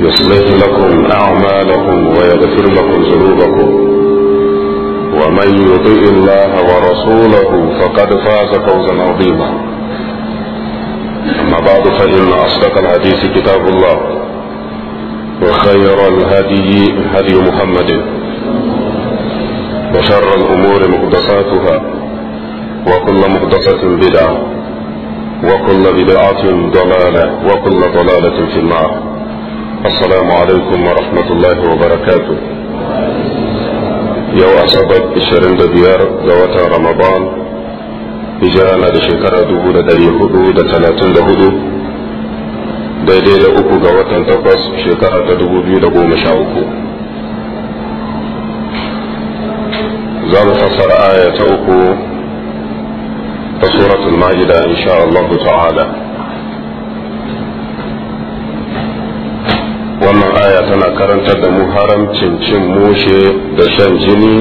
يصلح لكم أعمالكم ويغفر لكم ذنوبكم ومن يطع الله ورسوله فقد فاز فوزا عظيما أما بعد فإن أصدق الحديث كتاب الله وخير الهدي هدي محمد وشر الأمور مقدساتها وكل مقدسة بدعة وكل بدعة ضلالة وكل ضلالة في النار السلام عليكم ورحمة الله وبركاته يو أصابت بشرين ديار ذوات رمضان بجانا لشكرة دهو لدري هدو دتلاتن دهدو ديدي لأكو ذوات انتقص شكرة دهو مشاوكو زال فصر آية أكو فصورة المعجدة إن شاء الله تعالى wannan aya tana karantar da mu haramcin cin mushe da shan jini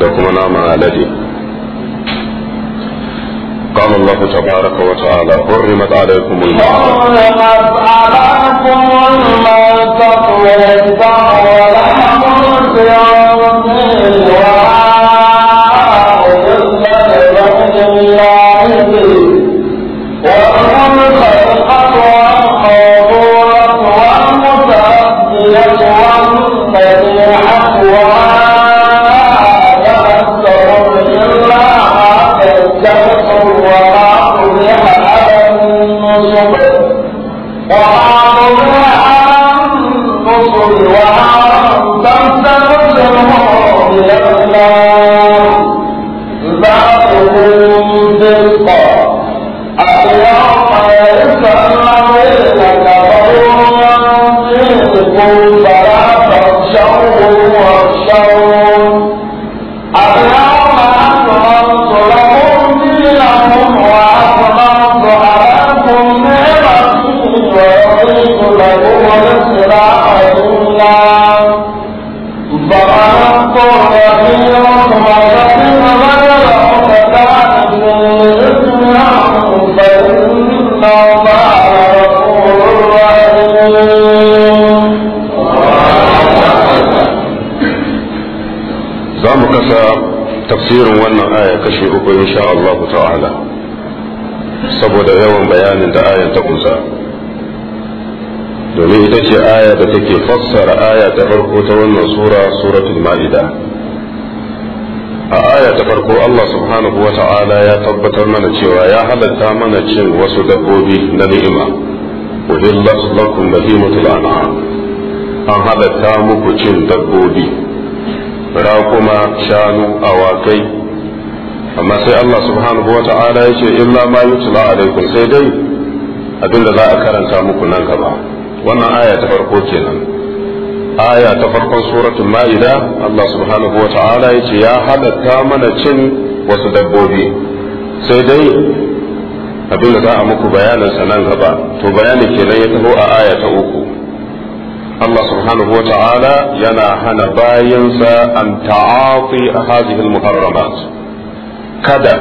da kuma nama alade قال الله تبارك وتعالى حرمت عليكم الموت حرمت عليكم الموت insha Allah ta'ala saboda yawan bayanin da ayan ta kusa domin ita ce aya da take fassara aya ta farko ta wannan sura suratul ma'ida a aya ta farko Allah subhanahu wa ta'ala ya tabbatar mana cewa ya halatta mana cin wasu dabbobi na ni'ima uhillat lakum bahimatul an'am an halatta muku cin dabbobi raƙuma shanu awakai amma sai Allah subhanahu wa ta'ala ya ce illa ma yutla alaikum sai dai abinda za a karanta muku nan gaba wannan aya ta farko kenan aya ta farkon suratul ma'ida Allah subhanahu wa ta'ala ya ce ya halatta mana cin wasu dabbobi sai dai abinda za a muku bayanin sa nan gaba to bayani kenan ya taho a aya ta uku Allah subhanahu wa ta'ala yana hana bayansa an ta'ati a hadhihi al-muharramat kada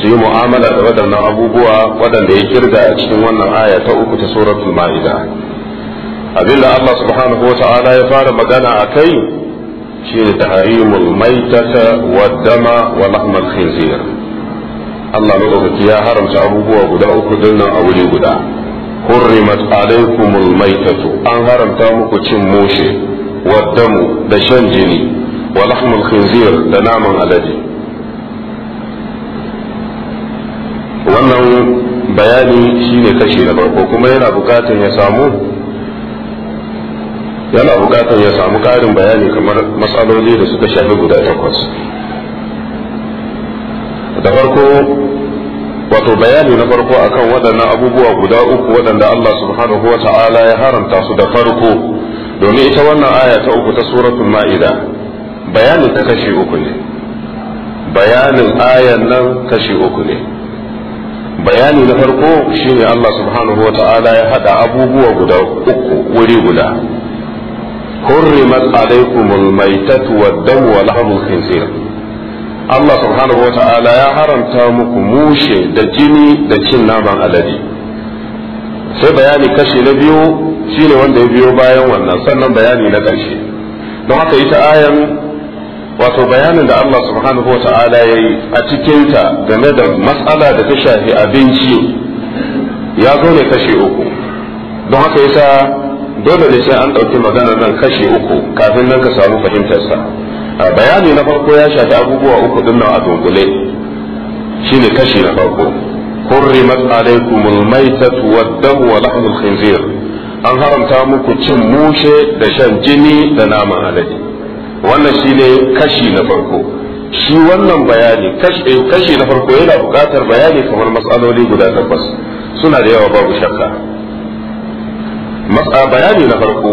su yi mu'amala da waɗannan abubuwa waɗanda ya kirga a cikin wannan aya ta uku ta suratul ma'ida abinda Allah subhanahu wa ta'ala ya fara magana a kai shine tahrimul maitata wa dama wa lahmal khinzir Allah madaukaki ya haramta abubuwa guda uku dinnan a wuri guda hurrimat alaykumul maitatu an haramta muku cin mushe wa damu da shan jini wa lahmul khinzir da naman alade bayani shine kashi na farko kuma yana bukatan ya samu yana bukatan ya samu karin bayani kamar matsaloli da suka shafi guda takwas da farko wato bayani na farko akan waɗannan abubuwa guda uku waɗanda Allah subhanahu wa ta'ala ya haramta su da farko domin ita wannan aya ta uku ta suratul ma'ida bayanin ta kashi uku ne bayanin ayan nan kashi uku ne bayani na farko shine Allah subhanahu wa ta'ala ya hada abubuwa guda uku wuri guda hurrimat alaikumul maitatu wad dam wa lahmul khinzir Allah subhanahu wa ta'ala ya haramta muku mushe da jini da cin naman alade sai bayani kashi na biyu shine wanda ya biyo bayan wannan sannan bayani na ƙarshe don haka ita ayan wato bayanin da Allah subhanahu ta'ala ya yi a cikinta game da matsala da ta shafi abinci ya zo ne kashe uku don haka yasa dole ne sai an ɗauki maganar nan kashe uku kafin nan ka samu fahimtarsa bayani na farko ya shafi abubuwa uku din nan a dunkule shine kashi na farko حرمت عليكم الميتة wa ولحم الخنزير an haramta muku cin mushe da shan jini da naman alade wannan shi ne kashi na farko shi wannan bayani eh, kashi na farko yana buƙatar bayani kamar matsaloli guda takwas suna da yawa babu shakka bayani na farko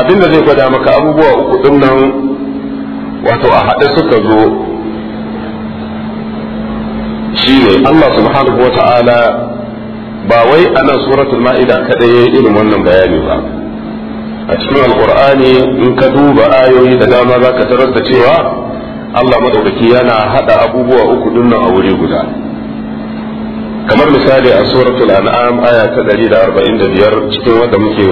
abinda zai gwada maka abubuwa uku ɗin nan wato a haɗe suka zo shi ne Allah subhanahu wa ta'ala ba wai ana suratul ma'ida kadai yayin irin wannan bayani ba a cikin alkur'ani in ka duba ayoyi da dama za ka tarar da cewa Allah madaukaki yana hada abubuwa uku dinnan a wuri guda kamar misali a suratul an'am aya ta 145 cikin wanda muke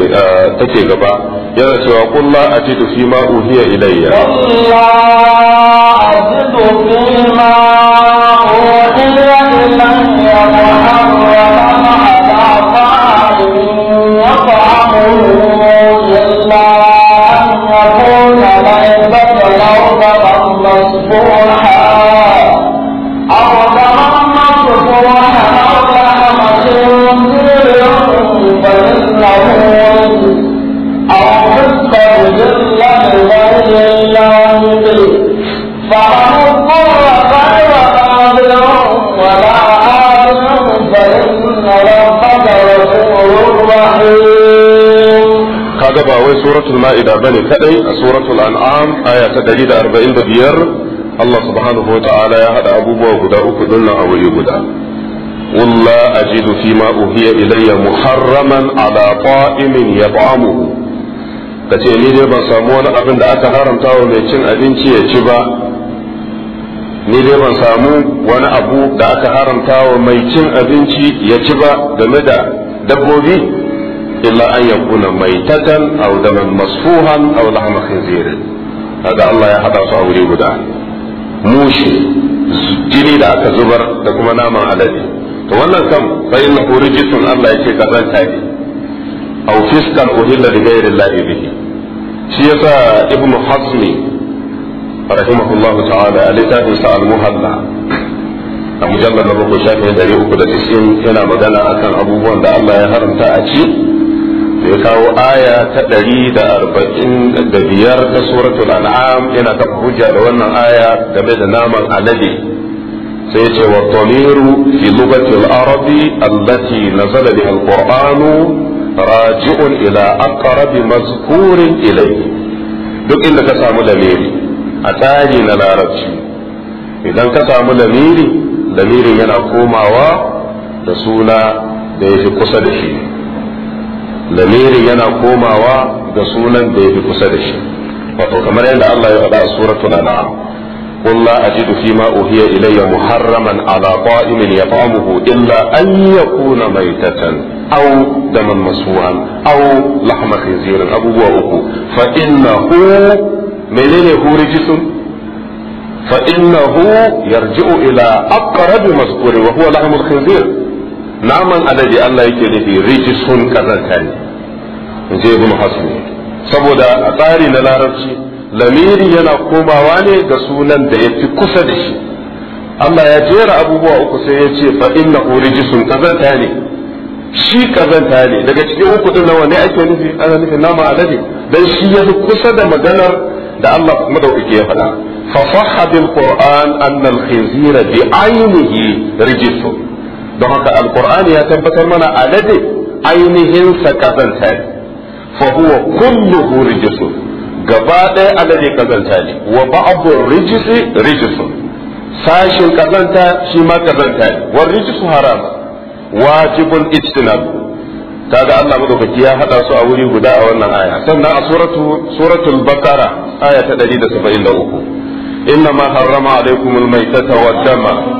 take gaba yana cewa qul la ajidu fi ma uhiya ilayya البر الأرض مصبوحا أرضا مصبوحا أرضا مصير فإنهم أو تسقط ذلا بغير اللون فمن اضطر غير قادر ولا عادل فإن ربك غفور رحيم kaga ba wai suratul ma'ida bane kadai a suratul an'am aya ta biyar Allah subhanahu wa ta'ala ya haɗa abubuwa guda uku dinnan a wuri guda walla ajidu fi ma uhiya ilayya muharraman ala qa'imin yat'amuhu kace ni dai ban samu wani abin da aka haramta wa mai ba ni dai ban samu wani abu da aka haramta wa mai cin abinci ya ci ba game da dabbobi illa an yakuna maitatan aw daman masfuhan aw lahma khinzirin kaga Allah ya hada su a guda mushi jini da aka zubar da kuma naman alade to wannan kam fa innahu rijsun Allah yake kazanta ne aw fiskan uhilla li ghayri Allah bihi shi yasa ibnu hasmi rahimahullah ta'ala a littafin sa al-muhalla a mujallar na bakwai shafi dari uku da tisin yana magana akan abubuwan da Allah ya haramta a ci da ya kawo aya ta ɗari da arba'in da biyar ta suratul an'am yana ta hujja da wannan aya game da naman alade sai ce wa tamiru fi lugatil arabi allati nazala biha alqur'anu raji'un ila aqrabi mazkurin ilayhi duk inda ka samu lamiri a tsari na larabci idan ka samu lamiri lamirin yana komawa da suna da ya kusa da shi lamirin yana komawa ga sunan da ya fi kusa da shi wato kamar yadda Allah ya faɗa a an'am قل لا أجد فيما أوحي إلي محرما على طائم يطعمه إلا أن يكون ميتة أو دما مسفوعا أو لحم خنزير أبو بوأكو فإنه منين هو رجس فإنه يرجع إلى أقرب مذكور وهو لحم الخنزير naman alade Allah yake nufi rijisun kazanta ne in je ibn hasan saboda a tsari na larabci lamiri yana komawa ne ga sunan da yafi kusa da shi Allah ya jera abubuwa uku sai ya ce fa innahu rijisun kazanta ne shi kazanta ne daga cikin uku din nawa ne ake nufi ana nufi nama alade dan shi yafi kusa da maganar da Allah madaukake ya faɗa fa sahha bil qur'an anna al khinzira bi aynihi rijisun don haka ya tabbatar mana alade ainihin sa kazanta ne fa huwa kulluhu rijsun gaba ɗaya alade kazanta ne wa ba'du rijsi rijsun sashin kazanta shi ma kazanta ne wa rijsu haram wajibun ijtinab kaga Allah madaukaki ya hada su a wuri guda a wannan aya sannan a suratu suratul aya ta 173 inna ma harrama alaykumul maytata wad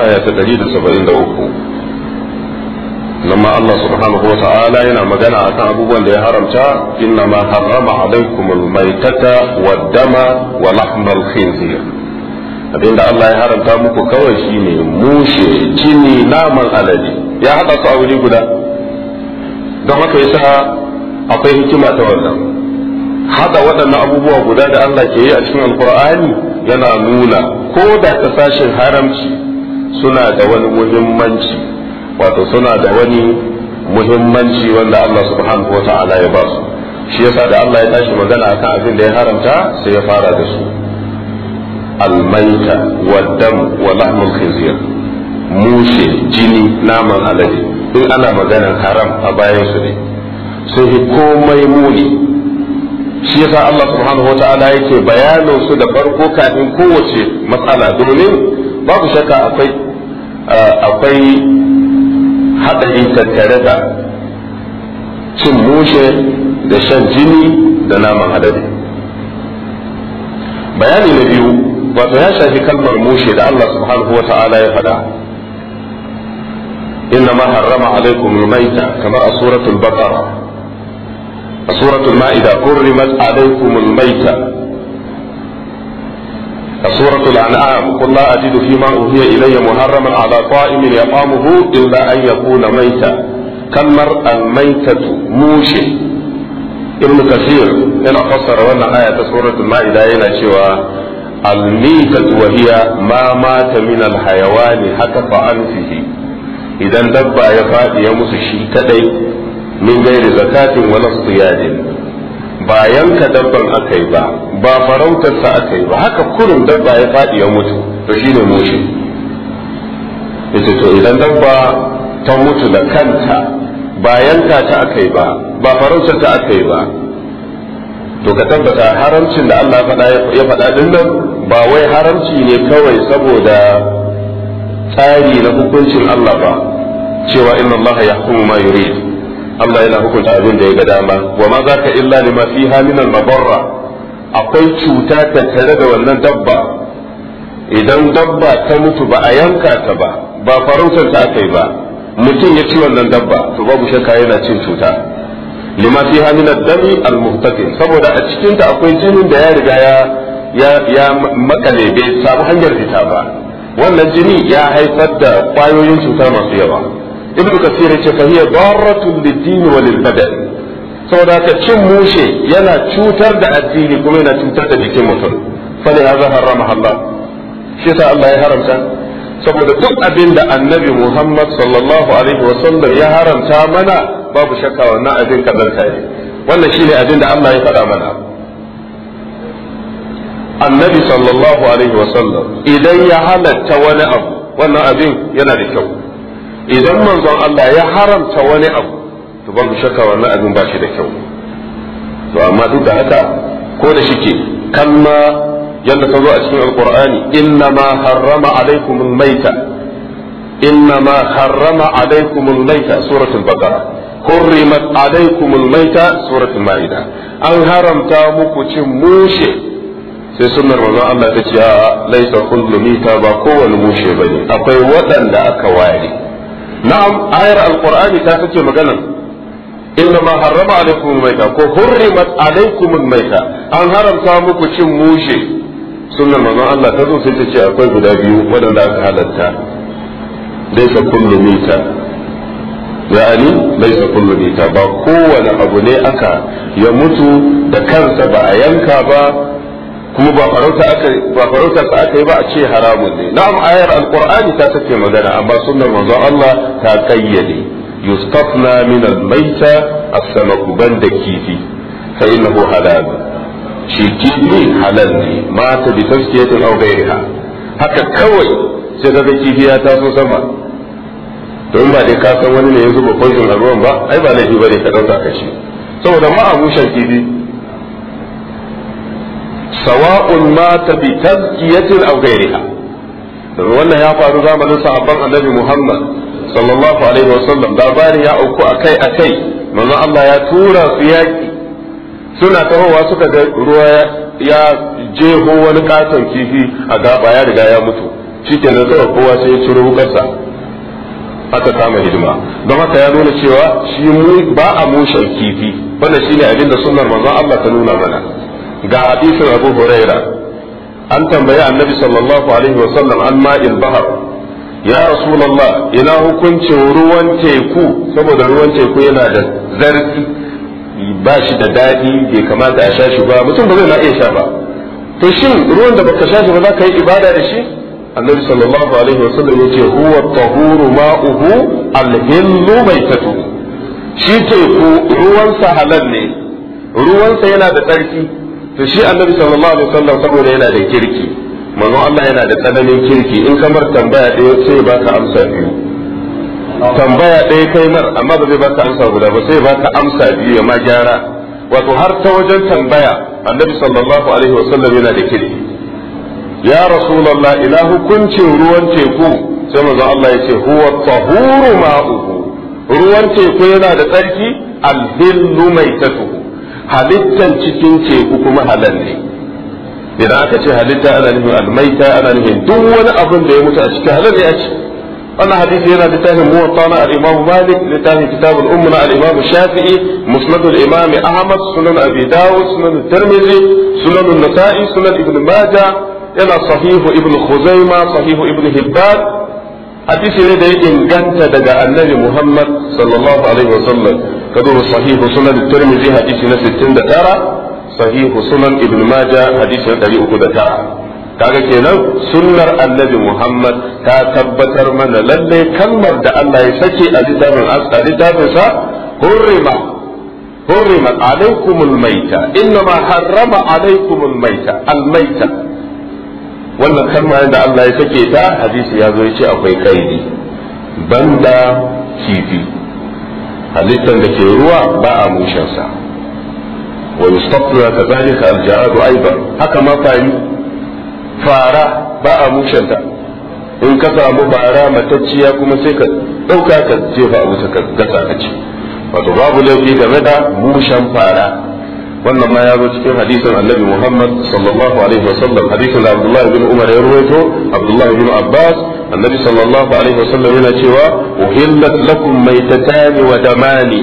aya ta 173 لما الله سبحانه وتعالى ينا مجانا عن أبوان لي هرمتا إنما حرم عليكم الميتة والدم ولحم الخنزير abin da Allah ya haramta muku kawai shine mushe jini naman alaji. ya haɗa su a wuri guda don haka yasa akwai hikima ta wannan haɗa waɗannan abubuwa guda da Allah ke yi a cikin alkur'ani yana nuna ko da ta sashen haramci suna da wani muhimmanci wato suna da wani muhimmanci wanda Allah subhanahu wa ta'ala ya ba su shi yasa da Allah ya tashi magana akan abin da ya haramta sai ya fara da su almaita waddam wa lahmul khinzir mushe jini naman alade in ana maganar haram a bayan su ne sun komai muni shi yasa Allah subhanahu wa ta'ala yake bayanin su da farko kafin kowace matsala domin babu shakka akwai uh, akwai haɗari tattare da cin mushe da shan jini da naman hadari bayani na biyu wato ya shafi kalmar mushe da Allah subhanahu wa ta'ala ya faɗa إنما حرم a suratul كما سورة البقرة سورة المائدة حرمت عليكم الميتة سورة الأنعام قل لا أجد فيما أوحي إلي محرما على طائم يطعمه إلا أن يكون ميتا كمر الميتة موشي ابن كثير هنا قصر وانا آية سورة المائدة هنا شوى الميتة وهي ما مات من الحيوان حتف أنفه إذا دب يفاد يمس شيء كدي من غير زكاة ولا اصطياد ba yanka dabban aka yi ba ba farautarsa aka yi ba haka kurin dabba ya faɗi ya mutu to shi ne mushi yace to idan dabba ta mutu da kanta ba yanka ta aka yi ba ba farautar ta aka yi ba to ka tabbata haramcin da Allah ya faɗa din nan ba wai haramci ne kawai saboda tsari na hukuncin Allah ba cewa inna Allah ya ma yurid Allah yana hukunta abin da ya ga dama wa ma ka illa lima fiha min al mabarra akwai cuta tare da wannan dabba idan dabba ta mutu ba a yanka ta ba ba farautar ta aka yi ba mutum ya ci wannan dabba to babu shakka yana cin cuta lima fiha min ad-dami al-muhtaqin saboda a cikin ta akwai jinin da ya riga ya ya ya makale bai samu hanyar fita ba wannan jini ya haifar da kwayoyin cuta masu yawa ibn kasir yace fa hiya daratun lid-din wa lil-badan saboda haka cin mushe yana cutar da addini kuma yana cutar da jikin mutum fa ne haza harama Allah shi yasa Allah ya haramta saboda duk abin da annabi Muhammad sallallahu alaihi wa sallam ya haramta mana babu shakka wannan abin kazanta ne wannan shine abin da Allah ya faɗa mana annabi sallallahu alaihi wa sallam idan ya halatta wani abu wannan abin yana da kyau idan manzon Allah ya haramta wani abu to babu shakka wannan abin ba shi da kyau to amma duk da haka ko da shike kalma yadda ta zo a cikin alqur'ani innama harrama alaikumul maita innama harrama alaikumul maita suratul baqara حرمت عليكم الميتة سورة المائدة muku cin mushe sai sunnar manzon Allah ta ce laisa kullu mita ba kowane mushe bane akwai waɗanda aka ware na'am ayar alqur'ani ta kace magana. inna ma harrama alaikum almayta ko hurrimat alaikum almayta an haramta muku cin mushe sunnan manzon Allah ta zo sai ta ce akwai guda biyu wadanda aka halatta laysa kullu mita yani laysa kullu mita ba kowane abu ne aka ya mutu da kansa ba a yanka ba kuma ba farauta aka ba farauta ka aka yi ba a ce haramun ne na'am ayar alqur'ani ta take magana amma sunnar manzon Allah ta kayyade yustafna min al-maita as-samaku banda kifi fa innahu halal shi kifi halal ne ma ta bi tazkiyatin aw ghayriha haka kawai sai kifi ya taso sama don ba dai ka san wani ne ya zuba kwanjin a ruwan ba ai ba laifi bane ka dauka ka shi saboda ma abushan kifi sawa'un mata bi tazkiyatin aw ghayriha wannan ya faru zamanin sahabban annabi Muhammad sallallahu alaihi wasallam labarin ya auku akai akai manzo Allah ya tura su yaki suna tahowa suka ga ruwa ya jeho wani katon kifi a gaba ya riga ya mutu shikenan sai kowa sai ya ciro wukarsa aka kama hidima don haka ya nuna cewa shi ba a mushen kifi wanda shine abin da sunnar manzon Allah ta nuna mana ga hadisin abu huraira an tambayi annabi sallallahu alaihi wasallam an ma'il bahar ya rasulullah ina hukuncin ruwan teku saboda ruwan teku yana da zarfi ba shi da daɗi bai kamata a sha shi ba mutum ba zai na iya sha ba to shin ruwan da baka sha shi ba za ka yi ibada da shi annabi sallallahu alaihi wasallam ce huwa tahuru ma'uhu al-hillu shi teku ruwansa halal ne ruwansa yana da tsarki to shi annabi sallallahu alaihi wasallam saboda yana da kirki manzo Allah yana da tsananin kirki in kamar tambaya ɗaya sai ba ka amsa biyu tambaya ɗaya kai mar amma ba zai ba ka amsa guda ba sai ba ka amsa biyu ya ma gyara wato har ta wajen tambaya annabi sallallahu alaihi wasallam yana da kirki ya rasulullah ina hukuncin ruwan teku sai manzo Allah ya ce huwa tahuru ma'uhu ruwan teku yana da tsarki alhillu mai tatuhu halittan cikin teku kuma halal ne idan aka ce halitta ana nufin almaita ana nufin duk wani abin da ya mutu a cikin halal ya a ci wannan hadisi yana littafin muwatta na al-imam malik littafin kitabul umm na al-imam shafi'i musnadul al-imam ahmad sunan abi dawud sunan tirmidhi sunan nasai sunan ibn majah yana sahihu ibn khuzaima sahihu ibn hibban hadisi ne da yake inganta daga annabi muhammad sallallahu alaihi wasallam ka duba sahihu sunan tirmidhi hadisi na 69 sahihu sunan ibn majah hadisi na 309 kaga kenan sunnar annabi muhammad ta tabbatar mana lalle kalmar da Allah ya sake a littafin a littafin sa hurrima hurrima alaikumul maita innama harrama alaikumul maita wannan kalma da Allah ya sake ta hadisi ya zo ya ce akwai kaidi banda kifi halittar da ke ruwa ba a mushensa wa yustaqna kadhalika al-jaradu aidan haka ma fari fara ba a mushenta in ka samu bara matacciya kuma sai ka dauka ka jefa a wuta ka gasa ka ci wato babu laifi game da mushen fara wannan ma ya zo cikin hadisin annabi Muhammad sallallahu alaihi wasallam hadisin da Abdullah ibn Umar ya rawaito Abdullah ibn Abbas annabi sallallahu alaihi sallam yana cewa uhillat lakum maitatan wa damani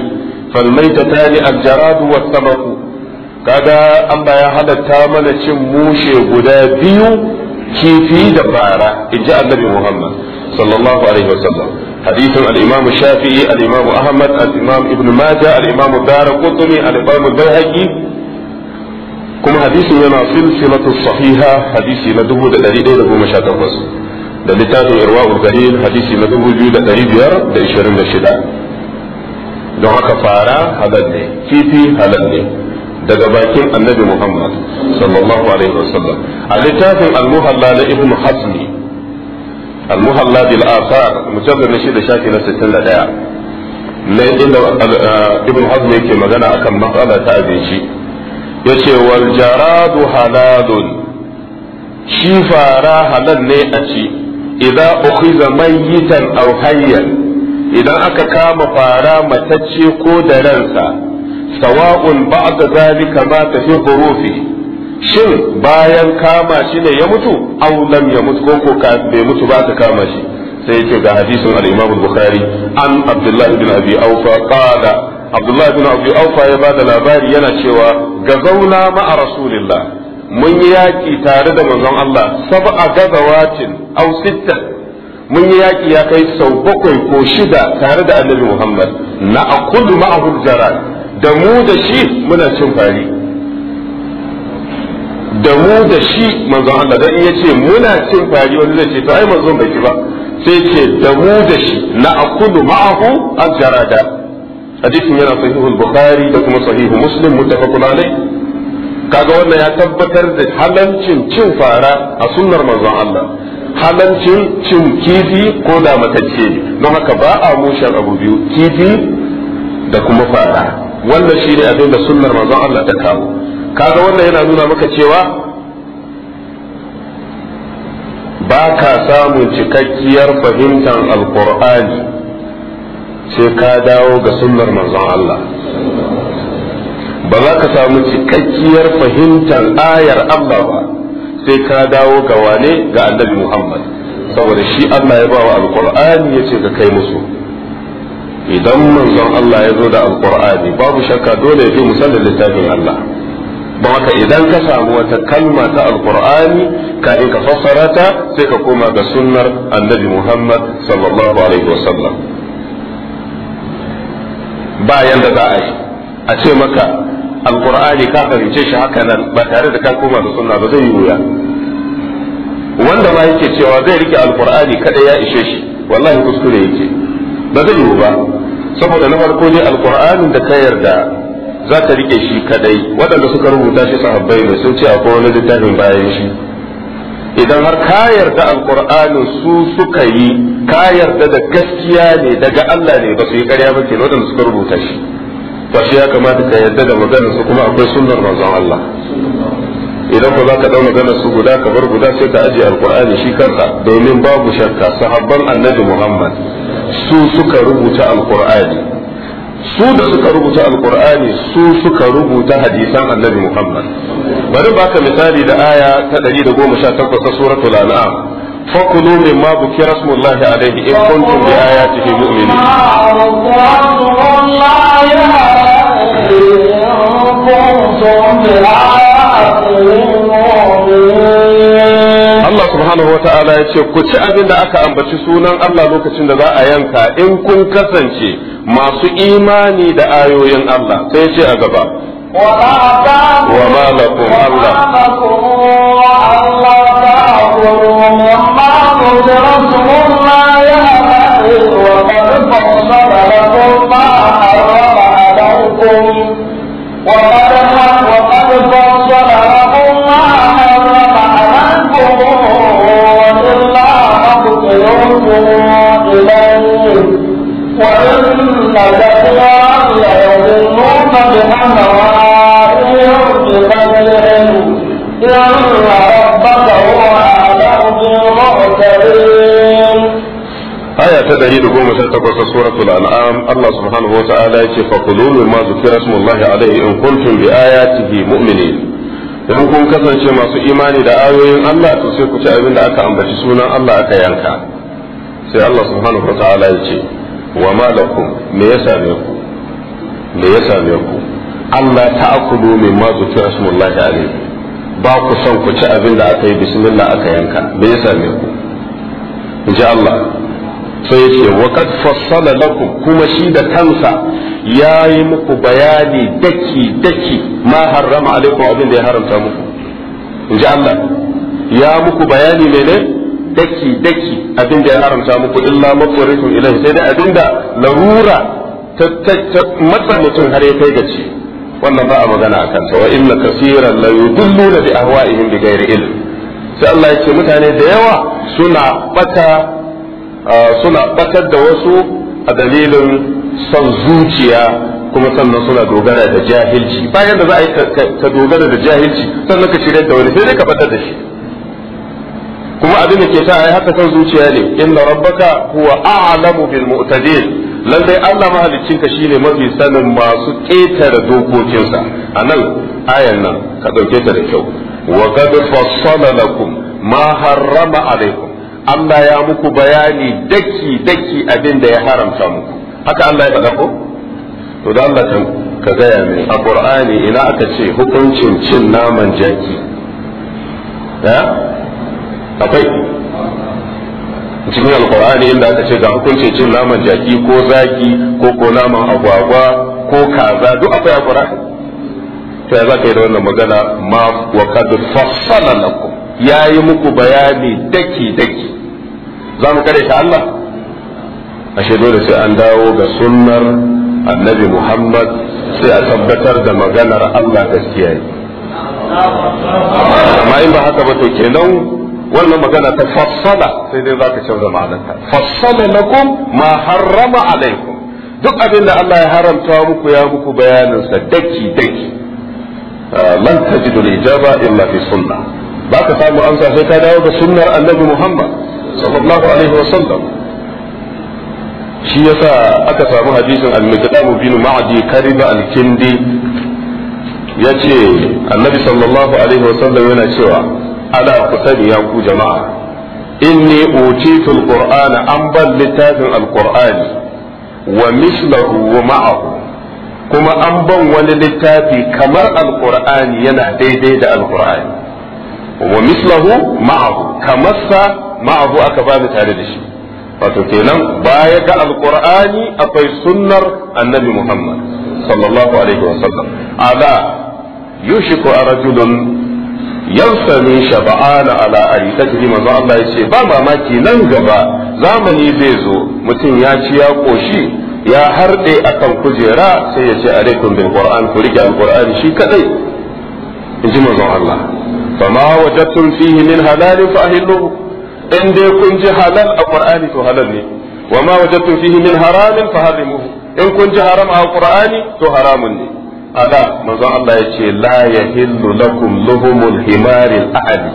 fal maitatan al-jarad wa tamak kaga Allah ya halatta mana cin mushe guda biyu kifi da bara inji annabi Muhammad sallallahu alaihi حديث الإمام الشافعي الإمام أحمد الإمام ابن ماجة الإمام الدار قطني الإمام البيهقي kuma hadisin yana silsilatu sahiha hadisi na dubu da ɗari ɗaya da goma sha takwas da littafin irwa'ul galil hadisi na dubu biyu da ɗari biyar da ishirin da shida don haka fara kifi daga bakin annabi muhammad sallallahu alaihi wasallam a littafin almuhalla na ibnu hasmi al-muhalla bil asar mujallad na shida shafi na 61 ne inda uh, uh, ibn hazm yake magana akan matsalar ta abinci yace wal jaradu halalun shi fara halal ne a ci idza ukhiza mayyitan aw hayyan idan aka kama fara matacce ko da ransa sawa'un ba'da zalika ma ta fi hurufi shin bayan kama shi ne ya mutu aw lam mutu ko ko bai mutu ba ka kama shi sai yake ga hadisin al-Imam al-Bukhari an Abdullah ibn Abi Awfa qala Abdullah ibn Abi Awfa ya bada labari yana cewa gazauna ma'a Rasulillah mun yi yaki tare da manzon Allah sab'a gazawatin aw sitta mun yi yaki ya kai sau bakwai ko shida tare da Annabi Muhammad na aqulu ma'a jarar da mu da shi muna cin fari da mu da shi manzo Allah dan iya ce muna cin fari wani zai ce to ai manzo bai ci ba sai ce da mu da shi na akulu ma'ahu ajarada hadisin yana sahihul bukhari da kuma sahihu muslim muttafaqun alayh kaga wannan ya tabbatar da halancin cin fara a sunnar manzo Allah halancin cin kifi ko da matacce don haka ba a mushen abu biyu kifi da kuma fara wannan shine abin da sunnar manzon Allah ta kawo kaga wanda yana nuna maka cewa ba ka samun cikakkiyar fahimtar alkur'ani sai ka dawo ga sunnar manzon Allah ba za ka samu cikakkiyar fahimtar ayar Allah ba sai ka dawo ga wane ga annabi Muhammad saboda shi Allah ya bawa alkur'ani ya ce ka kai musu idan manzon Allah ya zo da alkur'ani babu shakka dole ya fi musallin littafin Allah ba haka idan ka samu wata kalma ta alqur'ani ka in ka fassara ta sai ka koma ga sunnar annabi Muhammad sallallahu alaihi wasallam ba yanda za a yi a ce maka alqur'ani ka fahimce shi haka nan ba tare da ka koma ga sunna ba zai yi wuya wanda ma yake cewa zai rike alqur'ani kada ya ishe shi wallahi kuskure yake ba zai yi ba saboda na farko ne alqur'anin da ka yarda za ta rike shi kadai waɗanda suka rubuta shi sahabbai ne sun ce akwai wani littafin bayan shi idan har ka yarda alqur'ani su suka yi ka yarda da gaskiya ne daga Allah ne ba su yi ƙarya ba kenan waɗanda suka rubuta shi to shi ya kamata ka yarda da maganar su kuma akwai sunnar manzon Allah idan ba za ka dau maganar su guda ka bar guda sai ka ajiye Alƙur'ani shi kansa domin babu shakka sahabban annabi Muhammad su suka rubuta Alƙur'ani. su da suka rubuta alkur'ani su suka rubuta hadisan annabi muhammad bari baka misali da aya ta 118 ta suratul an'am فكلوا مما ذكر اسم الله عليه إن كنتم بآياته مؤمنين. Allah subhanahu wa ta'ala ya ce, Ku ci abin da aka ambaci sunan Allah lokacin da za a yanka in kun kasance masu imani da ayoyin Allah sai ce a gaba wa ma lakum Allah وقد تقوى aya ta ɗari da goma sha takwas ta suratul al'am. Allah subhanahu wa ta'ala yace fa kulu mimma zikra smullahi alayhi in kuntum bi ayatihi mu'minin dan kun kasance masu imani da ayoyin Allah to sai ku ci abin da aka ambaci sunan Allah aka yanka sai Allah subhanahu wa ta'ala yace wa malakum me ya same ku me ya same ku Allah min ma zukira smullahi alayhi ba ku son ku ci abin da aka yi bismillah aka yanka me ya same ku inji Allah sai ya ce wa kad fassala lakum kuma shi da kansa yayi muku bayani daki daki ma harrama alaikum abin da ya haramta muku inji Allah ya muku bayani menene daki daki abin da ya haramta muku illa maqrifun ilaihi sai dai abin da larura ta matsa mutum har ya kai ci. wannan ba a magana akan sa wa inna kaseeran la a bi ahwa'ihim bi ghairi ilm sai Allah ya ce mutane da yawa suna bata suna batar da wasu a dalilin son zuciya kuma sannan suna dogara da jahilci bayan da za a yi ka dogara da jahilci sannan ka shirya da wani sai dai ka batar da shi kuma abin da ke sa ai haka kan zuciya ne inna rabbaka huwa a'lamu bil mu'tadin lallai Allah mahaliccin ka shine mafi sanin masu ƙetare dokokinsa a nan ayan nan ka ɗauke ta da kyau wa qad fassala lakum ma harrama alaykum Allah ya muku bayani daki daki abin da ya haramta muku haka Allah ya faɗa ko to da Allah kan ka gaya mai a Qur'ani ina aka ce hukuncin cin naman jaki eh? akwai cikin alkur'ani inda aka ce ga hukunci cin naman jaki ko zaki ko ko naman agwagwa ko kaza duk akwai a to ya za ka yi da wannan magana ma wa kad fassala lakum yayi muku bayani daki daki za mu kare ta Allah ashe dole sai an dawo ga sunnar annabi Muhammad sai a tabbatar da maganar Allah gaskiya ne amma in ba haka ba to kenan wannan magana ta fassala sai dai zaka canza ma'anarta fassala kun ma harrama alaikum duk abin da Allah ya haramta muku ya muku bayanin sa daki daki ah, lan tajidu al-ijaba illa fi Ba ka samu amsa sai ka dawo da sunnar annabi Muhammad sallallahu alaihi wasallam shi yasa aka samu hadisin al-mujtaba bin ma'di kariba al-kindi yace annabi sallallahu alaihi wasallam yana cewa ala ku sani ya ku jama'a inni utitu alqur'ana an ban littafin alqur'ani wa mislahu wa ma'ahu kuma an ban wani littafi kamar alqur'ani yana daidai da alqur'ani wa mislahu ma'ahu kamarsa ma'ahu aka bani tare da shi wato kenan baya ga alqur'ani akwai sunnar annabi muhammad sallallahu alaihi wasallam ala yushiku rajulun yansani shaba'ana ala aritatihi manzo Allah ce ba mamaki nan gaba zamani zai zo mutum ya ci ya koshi ya harɗe a kan kujera sai ya ce alaikum bil qur'an ku rike alqur'ani shi kadai inji manzo Allah fama wajadtum fihi min halal fa ahilluhu in dai kun ji halal a qur'ani to halal ne wama wajadtum fihi min haramin fa harimuhu in kun ji haram a qur'ani to haramun ne ala manzon Allah ya ce la yahillu lakum luhumul himari ahadi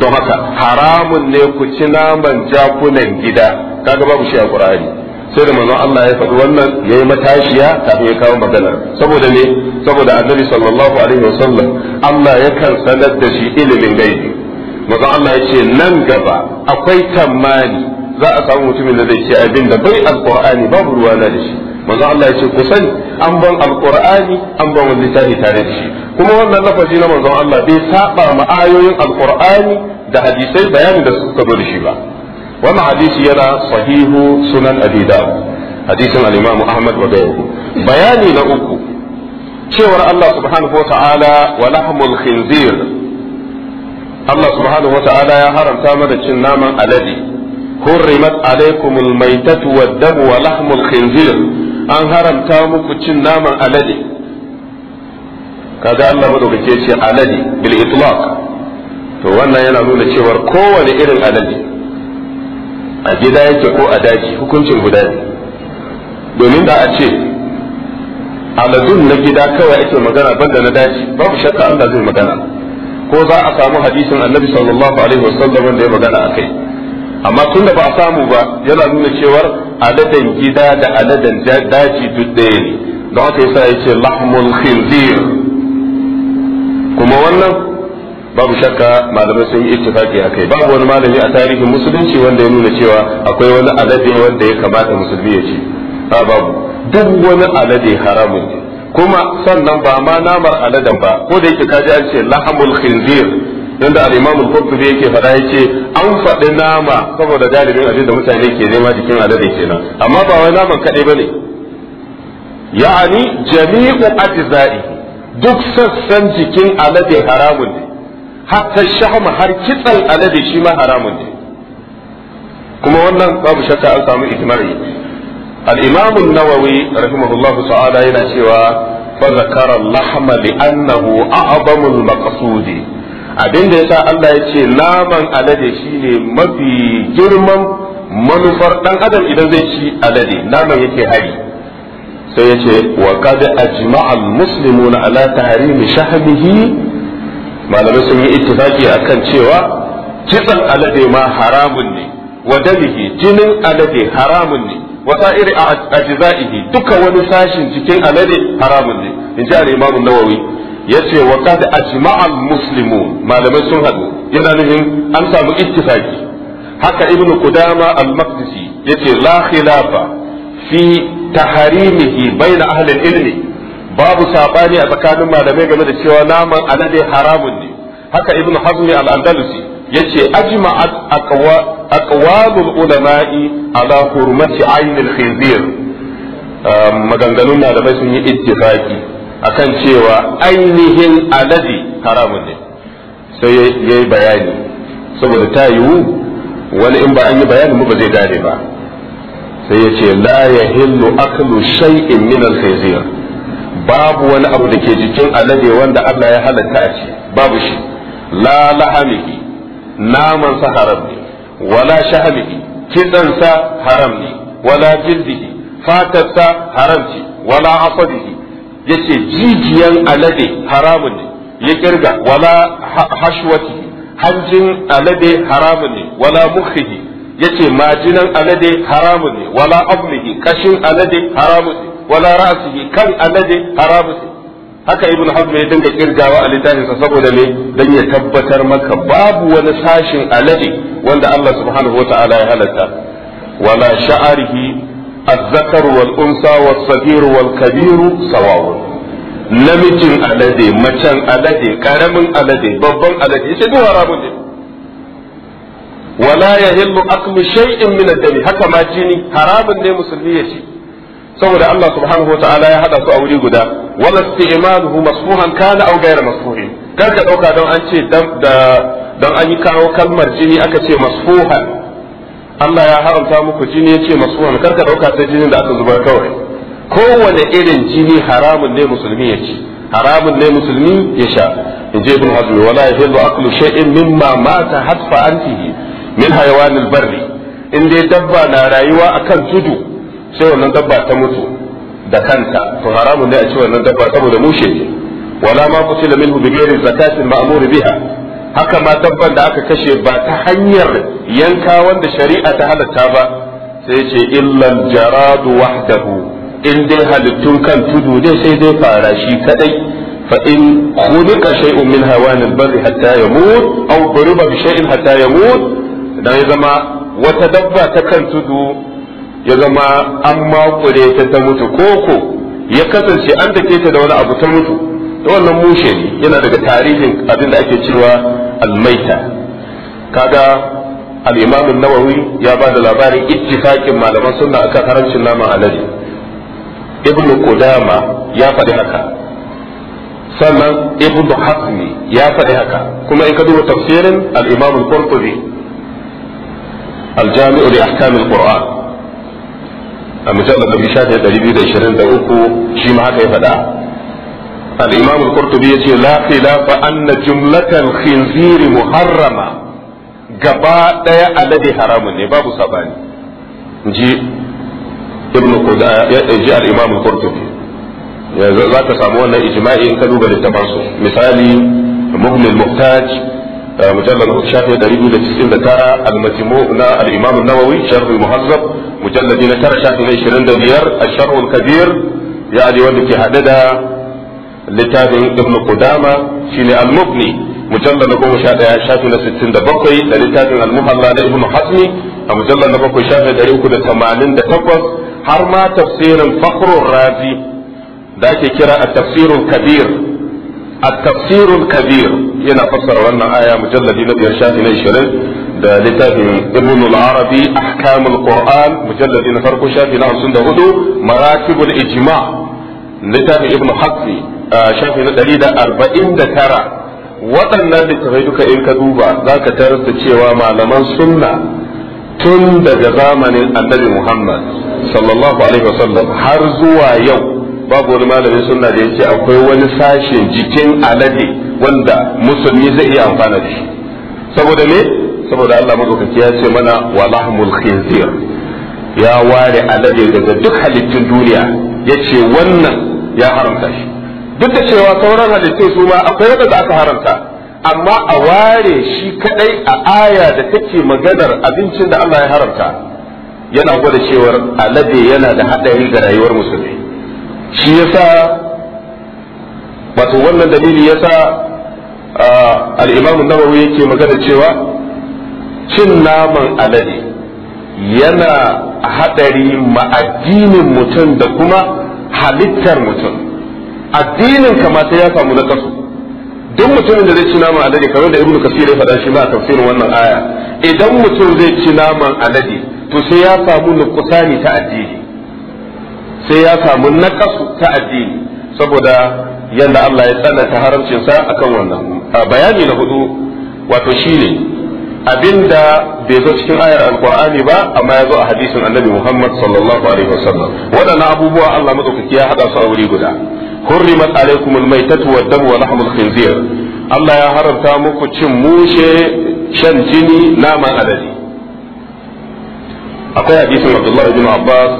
don haka haramun ne ku ci naman jakunan gida kaga babu shi a Qur'ani sai da manzon Allah ya faɗi wannan yayi matashiya kafin ya kawo magana saboda ne saboda Annabi sallallahu alaihi wasallam Allah yakan sanar da shi ilimin gaibi manzon Allah ya ce nan gaba akwai tamani za a samu mutumin da zai ce abin da bai alqur'ani babu na da shi manzo Allah ya ce ku sani an ban alqur'ani an ban wani littafi tare da shi kuma wannan lafazi na manzon Allah bai saba ma ayoyin alqur'ani da hadisai bayanin da suka zo da shi ba wannan hadisi yana sahihu sunan abi dawud hadisin al-imam ahmad wa gairu bayani na uku cewar Allah subhanahu wa ta'ala wa lahmul khinzir Allah subhanahu wa ta'ala ya haramta mana cin naman alade حرمت عليكم الميتة والدم ولحم الخنزير an haramta muku cin naman alade kaga Allah madaukake ce alade bil itlaq to wannan yana nuna cewa kowane irin alade a gida yake ko a daji hukuncin guda ne domin da a ce aladun na gida kawai ake magana banda na daji babu shakka Allah zai magana ko za a samu hadisin annabi sallallahu alaihi wasallam da ya magana akai amma tunda ba a samu ba yana nuna cewar aladan gida da aladan daji duk ɗaya ne don haka yasa ya ce lahmul khinzir kuma wannan babu shakka malamai sun yi ittifaki a kai babu wani malami a tarihin musulunci wanda ya nuna cewa akwai wani alade wanda ya kamata musulmi ya ci a babu duk wani alade haramun kuma sannan ba ma namar aladen ba ko da yake kaji an ce lahamul khinzir wanda al-Imam al-Qurtubi yake faɗa yace an faɗi nama saboda galibin abin da mutane ke nema jikin alade kenan amma ba wai naman ba bane Ya'ani jami'u ajza'i duk sassan jikin alade haramun ne hatta shahma har kitson alade shi ma haramun ne kuma wannan babu shakka an samu ijma'i al-Imam an-Nawawi rahimahullahu ta'ala yana cewa fa zakara lahma li annahu a'zamul abin da yasa Allah ya ce naman alade shine mafi girman manufar dan adam idan zai ci alade naman yake hari sai yace wa qad ajma'a al-muslimuna ala tahrimi shahbihi malamai sun yi ittifaki akan cewa kitsan alade ma haramun ne wa dalihi jinin alade haramun ne wa sa'iri ajza'ihi duka wani sashin cikin alade haramun ne in ji al-imam an-nawawi yace wa qad ajma'a muslimu malamai sun hadu yana nufin an samu ittifaki haka ibnu qudama al-maqdisi yace la khilafa fi tahrimihi bayna ahli al-ilmi babu sabani a tsakanin malamai game da cewa naman alade haramun ne haka ibnu hazmi al-andalusi yace ajma'at aqwa aqwalul ulama'i ala hurmati 'ayn al-khinzir maganganun malamai sun yi ittifaki akan cewa ainihin alade haramun ne sai ya yi bayani saboda ta yiwu wani in ba an yi bayani ba zai gane ba sai ya ce la ya hillu aklu shay'in min al babu wani abu da ke jikin alade wanda Allah ya halatta a ce babu shi la lahamihi naman sa haram ne wala shahamihi kitson sa haram ne wala jildihi fatar sa haram ce wala asadihi yace jijiyan alade haramun ne ya kirga wala hashwati hanjin alade haramun ne wala mukhihi yace majinan alade haramun ne wala abnihi kashin alade haramun ne wala ra'sihi kan alade haramun ne haka ibn hazm ya dinga kirgawa a littafinsa saboda ne dan ya tabbatar maka babu wani sashin alade wanda Allah subhanahu wataala ya halatta wala sha'arihi الذكر والأنثى والصغير والكبير سواء namijin alade macen alade karamin alade babban alade yace duk haramun ne wala yahillu aklu shay'in min ad-dami haka ma jini haramun ne musulmi ya ci saboda Allah subhanahu wa ta'ala ya haɗa su a wuri guda wala isti'maluhu masfuhan kana aw ghayra masfuhin kar ka ɗauka don an yi kawo kalmar jini aka ce masfuhan Allah ya haramta muku jini ya ce masu wani karka dauka sai jinin da aka zubar kawai kowane irin jini haramun ne musulmi ya ci haramun ne musulmi ya sha in je ibn hazmi wala yahillu aklu shay'in mimma mata hatfa antihi min hayawanil barri in dai dabba na rayuwa akan tudu sai wannan dabba ta mutu da kanta to haramun ne a ci wannan dabba saboda mushe ne wala ma qutila minhu bi ghairi zakatin ma'mur biha haka ma dabban da aka kashe ba ta hanyar yanka wanda shari'a ta halatta ba sai ce illan jaradu wahdahu in dai halittun kan tudu ne sai dai fara shi kadai fa in khuliqa shay'un min hawanil barri hatta yamut aw duriba bi shay'in hatta yamut dan ya zama wata dabba ta kan tudu ya zama an makure ta ta mutu koko ya kasance an take ta da wani abu ta mutu wannan mushe ne yana daga tarihin abin da ake cewa almaita kaga al-imam an-nawawi ya ba da labarin ittifaqin malaman sunna akan harancin naman alade ibnu qudama ya faɗi haka sannan ibnu Hasmi ya faɗi haka kuma in ka duba tafsirin al-imam al-qurtubi الجامع لأحكام القرآن المجلد في shi ma haka ya faɗa. al-imam ya ce yace la khilafa anna jumlatal hinziri muharrama gaba daya alade haramun ne babu sabani ji ibn qudaya ji al-imam al-qurtubi yanzu za samu wannan ijma'i in ka duba littafin su misali muhmin muhtaj مجلد شافي دريب لتسعين ترى المجموع الإمام النووي شرح المهذب مجلد ترى شافي عشرين دبير الشرح الكبير يعني ولك حددا littafin ibn qudama shine al-mubni mujallal na goma sha ɗaya shafi na sittin da bakwai da littafin al-muhalla na ibn hasmi a mujallal na bakwai shafi ɗari uku da tamanin da takwas har ma tafsirin fakhrul razi da ake kira a tafsirul kabir a tafsirul kabir yana fassara wannan aya mujalladi na biyar shafi na ishirin da littafin ibn al-arabi ahkamul qur'an mujalladi na farko shafi na hamsin da hudu maratibul ijma littafin ibn hasmi shafi na ɗari da arba'in da tara waɗannan littafai duka in ka duba za ka da cewa malaman sunna tun daga zamanin annabi muhammad sallallahu alaihi wasallam har zuwa yau babu wani malamin sunna da ce akwai wani sashen jikin alade wanda musulmi zai iya amfana da shi saboda me saboda Allah madaukaki ya ce mana mulkin khinzir ya ware alade daga duk halittun duniya yace wannan ya haramta shi duk da cewa sauran halittu su ma akwai za aka haramta amma a ware shi kadai a aya da take maganar abincin da Allah ya haramta yana gwada cewar alade yana da hadari ga rayuwar musulmi shi yasa wato wannan dalili yasa al-Imam an-Nawawi yake magana cewa cin naman alade yana hadari ma addinin mutum da kuma halittar mutum addinin kamata ya samu nakasu duk mutumin da zai ci naman alade kamar da ibnu kasir ya faɗa shi ma a tafsirin wannan aya idan mutum zai ci naman alade to sai ya samu nukusani ta addini sai ya samu nakasu ta addini saboda yadda Allah ya tsananta sa akan wannan bayani na hudu wato shine abinda bai zo cikin ayar alkur'ani ba amma ya zo a hadisin annabi Muhammad sallallahu alaihi wasallam waɗannan abubuwa Allah madaukaki ya haɗa su a wuri guda hurrimat alaikumul maitatu wad damu wa lahmul Allah ya haramta muku cin mushe shan jini naman adadi. akwai hadisin Abdullah ibn Abbas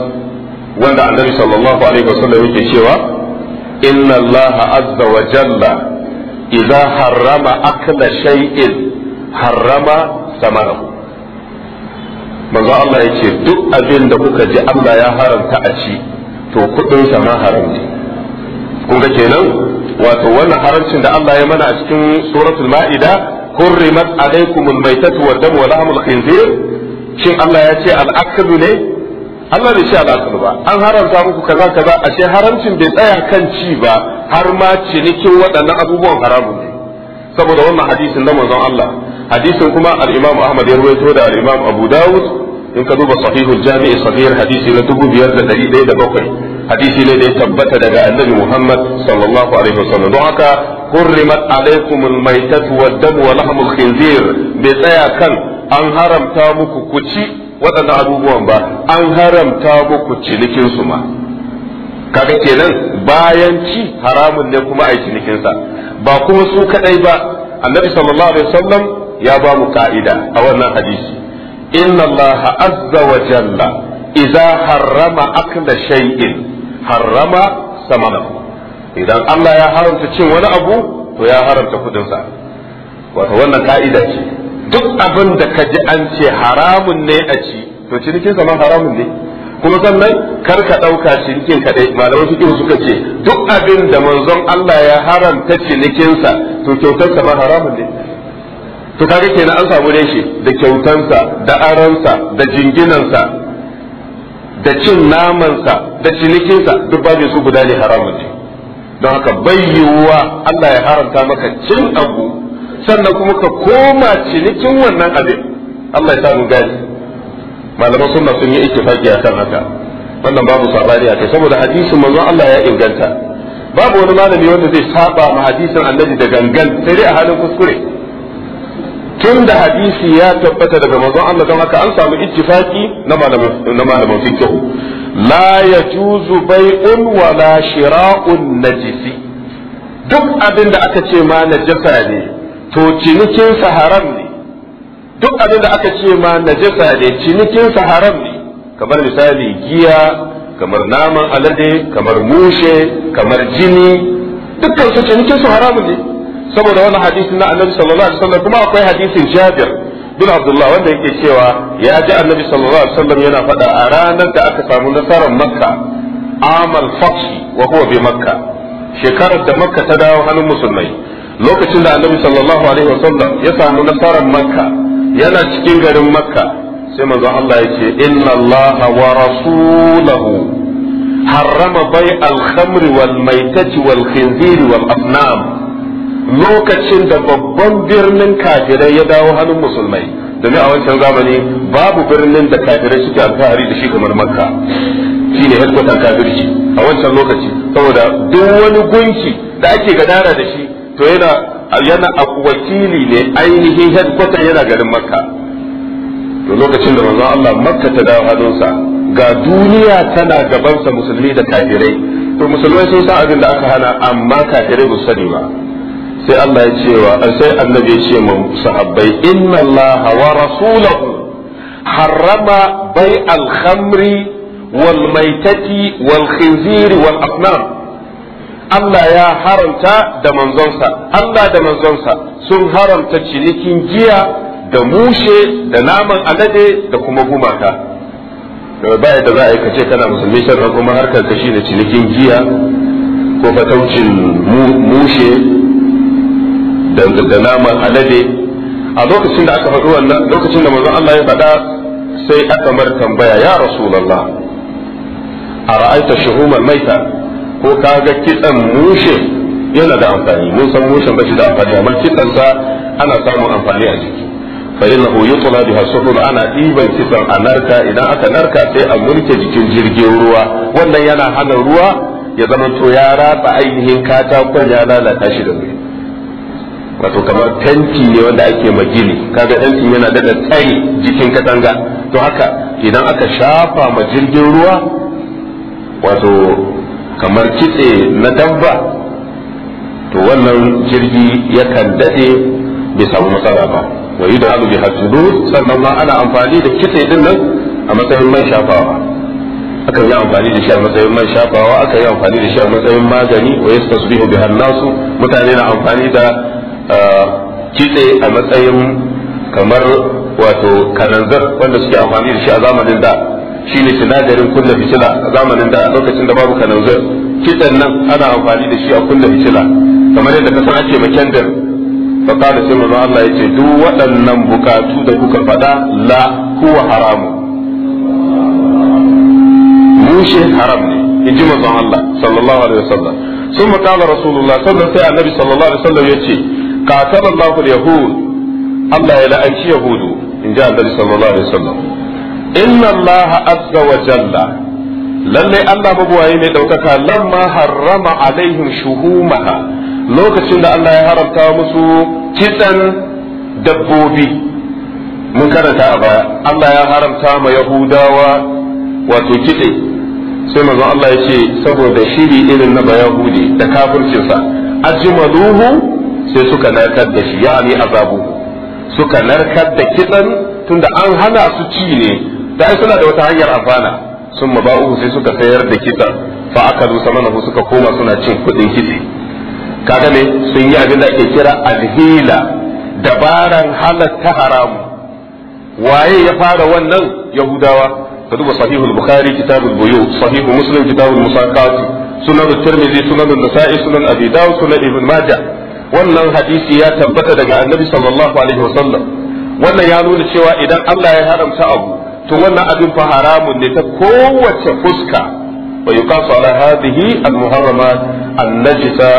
wanda annabi sallallahu alaihi wasallam yake cewa inna Allah azza wa jalla idza harrama akla shay'in harrama samarahu manzo Allah yace duk abin da kuka ji Allah ya haramta a ci to kudin sa ma kun ga kenan wato wannan haramcin da Allah ya mana a cikin suratul ma'ida hurrimat alaykumul maytatu wad damu lahmul khinzir shin Allah ya ce al ne Allah bai ce al ba an haramta muku kaza kaza a ce haramcin bai tsaya kan ci ba har ma cinikin waɗannan abubuwan haramu ne saboda wannan hadisin na manzon Allah hadisin kuma al-Imam Ahmad ya rawaito da al-Imam Abu Dawud in ka duba sahihul jami'i sahih hadisi na 2107 hadisi ne da ya tabbata daga annabi Muhammad sallallahu alaihi wasallam don haka hurrimat alaikum maitatu wad-damu wa lahmul khinzir bai tsaya kan an haramta muku kuci ci waɗannan abubuwan ba an haramta muku cinikin su ma kaga kenan bayan ci haramun ne kuma ai cinikin sa ba kuma su kadai ba annabi sallallahu alaihi wasallam ya ba mu ka'ida a wannan hadisi inna allaha azza wa jalla idza harrama akla shay'in harrama samana idan Allah ya haramta cin wani abu to ya haramta kudinsa wato wannan ka'ida ce duk abin da ka ji an ce haramun ne a ci to cinikin sa haramun ne kuma sannan kar ka ɗauka cinikin dai malamai fiƙihu suka ce duk abin da manzon Allah ya haramta cinikinsa to kyautarsa ma haramun ne to kaga kenan an samu reshe da kyautansa da aransa da jinginansa da cin namansa da cinikinsa duk babin su guda ne haramun ne don haka bayyuwa Allah ya haramta maka cin abu sannan kuma ka koma cinikin wannan abin Allah ya samu gani malaman sunna sun yi ittifaqi akan haka wannan babu sabani akai saboda hadisin manzo Allah ya inganta babu wani malami wanda zai saba ma hadisin annabi da gangan sai dai a halin kuskure tun da hadisi ya tabbata daga manzon Allah don haka an samu ittifaki na Malamin fiqh la yajuzu bai'un wa la shira'un najisi duk abin da aka ce ma najasa ne to cinikin sa haram ne duk abin da aka ce ma najasa ne cinikin sa haram ne kamar misali giya kamar naman alade kamar mushe kamar jini dukkan su cinikin su haramun ne saboda wani hadisin na annabi sallallahu alaihi wasallam kuma akwai hadisin Jabir bin Abdullah wanda yake cewa ya ji annabi sallallahu alaihi wasallam yana faɗa a ranar da aka samu nasarar Makka amal fath wa huwa bi Makka shekarar da Makka ta dawo hannun musulmai lokacin da annabi sallallahu alaihi wasallam ya samu nasarar Makka yana cikin garin Makka sai manzo Allah ya ce inna Allah wa rasulahu harrama bai al-khamri wal maitati wal khinziri wal asnam lokacin da babban birnin kafirai ya dawo hannun musulmai domin a wancan zamani babu birnin da kafirai suke alfahari da shi kamar makka shine headquarter kafirci a wancan lokaci saboda duk wani gunki da ake gadara da shi to yana yana wakili ne ainihin headquarter yana garin makka to lokacin da manzon Allah makka ta dawo hannunsa ga duniya tana gabansa musulmi da kafirai to musulmai sun san abin da aka hana amma kafirai ba sani ba sai Allah ya cewa sai annabi ya ce mu sahabbai inna Allah wa rasulahu harrama bai al-khamri wal maitati wal khinzir wal Allah ya haramta da manzonsa Allah da manzonsa sun haramta cinikin giya da mushe da naman alade da kuma gumaka baya da za a yi kace kana musulmi sannan kuma harkar kashi da cinikin giya ko fataucin mushe da naman alade a lokacin da aka faɗi wannan lokacin da manzon Allah ya faɗa sai aka mar tambaya ya rasulullah a ra'aita shuhumar maita ko ka ga kitsan mushe yana da amfani mun san mushen ba shi da amfani amma kitsan sa ana samun amfani a jiki fa innahu yutla biha suhul ana diban kitsan a narka idan aka narka sai a mulke jikin jirgin ruwa wannan yana hana ruwa ya zama to ya ratsa ainihin katakon ya lalata shi da wuri wato kamar tanti ne wanda ake magini kaga tantin yana daɗa tsari jikin katanga to haka idan aka shafa ma jirgin ruwa wato kamar kitse na dabba to wannan jirgi yakan daɗe bai samu matsala ba wa yi da abu bi hajjudu sannan ma ana amfani da kitse din nan a matsayin man shafawa aka yi amfani da shi a matsayin man shafawa aka yi amfani da shi a matsayin magani wa su bihan nasu mutane na amfani da kitse a matsayin kamar wato kananzir wanda suke amfani da shi a zamanin da shi ne sinadarin kunna fitila a zamanin da a lokacin da babu kananzir kitsen nan ana amfani da shi a kunna fitila kamar yadda ka san ake makendir fa sai manzo Allah yace duk waɗannan bukatu da kuka faɗa la huwa haramu mushe haram ne inji manzon Allah sallallahu alaihi wasallam sun qala rasulullah sallallahu sai annabi sallallahu alaihi wasallam yace qatala Allahu al Allah ya la'anci yahudu in ji Annabi sallallahu alaihi wasallam inna Allah azza wa jalla lalle Allah mabuwaye ne daukaka lamma harrama alaihim shuhumaha lokacin da Allah ya haramta musu kitsan dabbobi mun karanta a baya Allah ya haramta ma yahudawa wato kitse sai manzon Allah ya ce saboda shiri irin na bayahudi da kafircinsa ajmaluhu sai suka narkar da shi ya'ani azabu suka narkar da kitsan tunda an hana su ci ne da ai suna da wata hanyar amfana sun maba'u sai suka sayar da kitsan fa aka akalu samanahu suka koma suna cin kudin kitse kaga ne sun yi abin da ake kira alhila dabaran halatta haramu waye ya fara wannan yahudawa ka duba sahihul bukhari kitabul buyu sahihu muslim kitabul musaqat sunan at-tirmidhi sunan an-nasa'i sunan abi dawud sunan ibn majah wannan hadisi ya tabbata daga annabi sallallahu alaihi wasallam wannan ya nuna cewa idan Allah ya haramta abu to wannan abin fa haramun ne ta kowace fuska wa yuqasu ala hadhihi al-muharramat an-najisa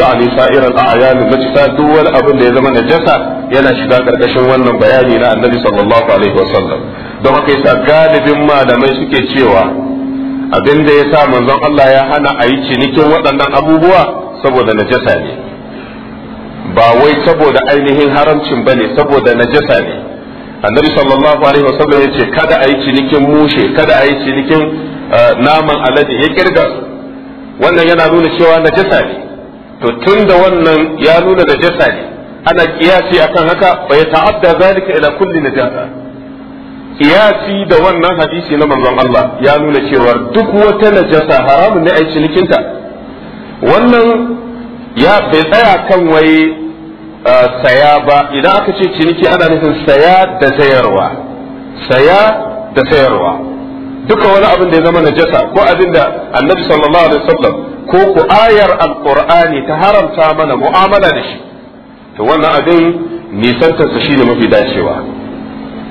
yani sa'ir al-a'yan najisa duk wani abin da ya zama najasa yana shiga karkashin wannan bayani na annabi sallallahu alaihi wasallam don haka yasa galibin malamai suke cewa abin da ya sa manzon Allah ya hana a yi cinikin waɗannan abubuwa saboda najasa ne ba wai saboda ainihin haramcin ba ne saboda najasa ne annabi sallallahu alaihi wasallam ya ce kada a yi cinikin mushe kada a yi cinikin eh, naman alade ya kirga wannan yana nuna cewa najasa ne to tun da wannan ya nuna najasa ne ana kiyasi akan haka bai ta'adda zalika ila kulli najasa kiyasi da wannan hadisi na manzon Allah ya nuna cewa duk wata najasa haramun ne a yi cinikinta wannan ya bai tsaya kan wai saya ba idan aka ce ciniki ana nufin saya da sayarwa saya da sayarwa duka wani abin da ya zama najasa ko abin da annabi sallallahu alaihi wasallam ko ku ayar alqur'ani ta haramta mana mu'amala da shi to wannan abin nisantarsa shine mafi dacewa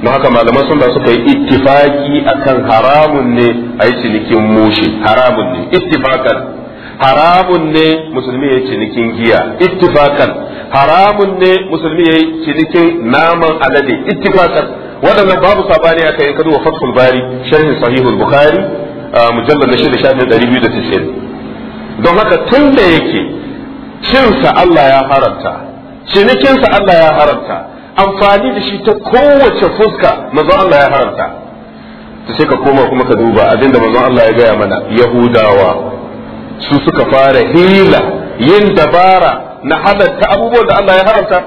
don haka malaman sun ba suka yi ittifaki akan haramun ne a yi cinikin mushi haramun ne ittifakan haramun ne musulmi ya yi cinikin giya ittifakan haramun ne musulmi ya yi cinikin naman alade ittifakan waɗannan babu sabani aka yi kadu wa bari sharhin sahihul bukhari mujallal na shida shafin ɗari biyu da tishin don haka tun da yake cinsa Allah ya haramta cinikinsa Allah ya haramta amfani da shi ta kowace fuska manzo Allah ya haramta sai ka koma kuma ka duba abinda manzon Allah ya gaya mana yahudawa su suka fara hila yin dabara na halatta abubuwan da Allah ya haramta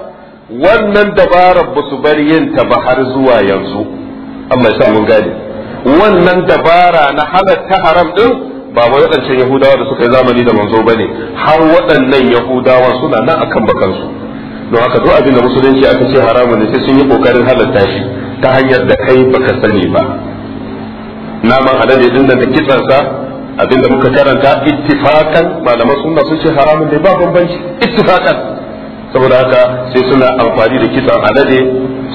wannan dabarar ba su bar yin ta ba har zuwa yanzu Allah ya sa mun gane wannan dabara na halatta haram din ba wai waɗancan Yahudawa da suka yi zamani da manzo bane har waɗannan Yahudawa suna nan akan bakansu don haka duk abin da musulunci aka ce haramun ne sai sun yi kokarin halatta shi ta hanyar da kai baka sani ba naman alade din da kitsansa abinda muka karanta ittifakan malaman sunna sun ce haramun ne ba bambanci ittifakan saboda haka sai suna amfani da kitsan alade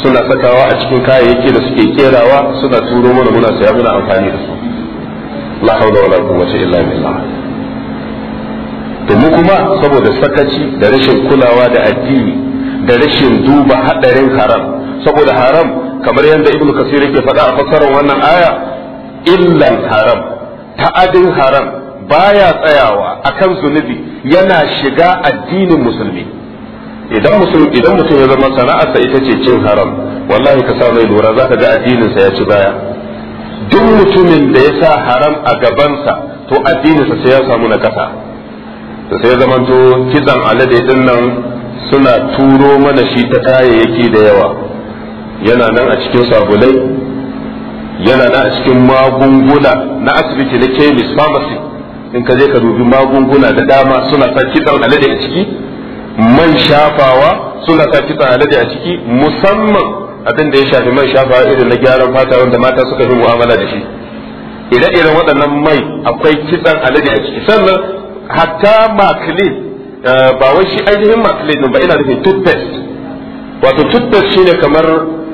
suna sakawa a cikin kayayyaki da suke kerawa suna turo mana muna saya muna amfani da su la hawla wala quwwata illa billah to mu kuma saboda sakaci da rashin kulawa da addini da rashin duba hadarin haram saboda haram kamar yadda ibnu kasir yake faɗa a fassarar wannan aya illan haram ta'adin haram baya tsayawa akan zunubi yana shiga addinin musulmi idan musulmi idan mutum ya zama sana'arsa ita ce cin haram wallahi ka sa mai lura za ga ga addininsa ya ci baya duk mutumin da ya sa haram a gabansa to addininsa sai ya samu na kasa to sai ya zamanto kitsan alade din nan suna turo mana shi ta kayayyaki da yawa yana nan a cikin sabulai yana da cikin magunguna na asibiti na kemis pharmacy in ka je ka dubi magunguna da dama suna sa kitsan alade a ciki man shafawa suna sa kitsan alade a ciki musamman abin da ya shafi man shafawa irin na gyaran fata wanda mata suka fi mu'amala da shi idan irin waɗannan mai akwai kitsan alade a ciki sannan hatta makle eh, ba wai shi ainihin makilin ba ina nufin toothpaste wato toothpaste shine kamar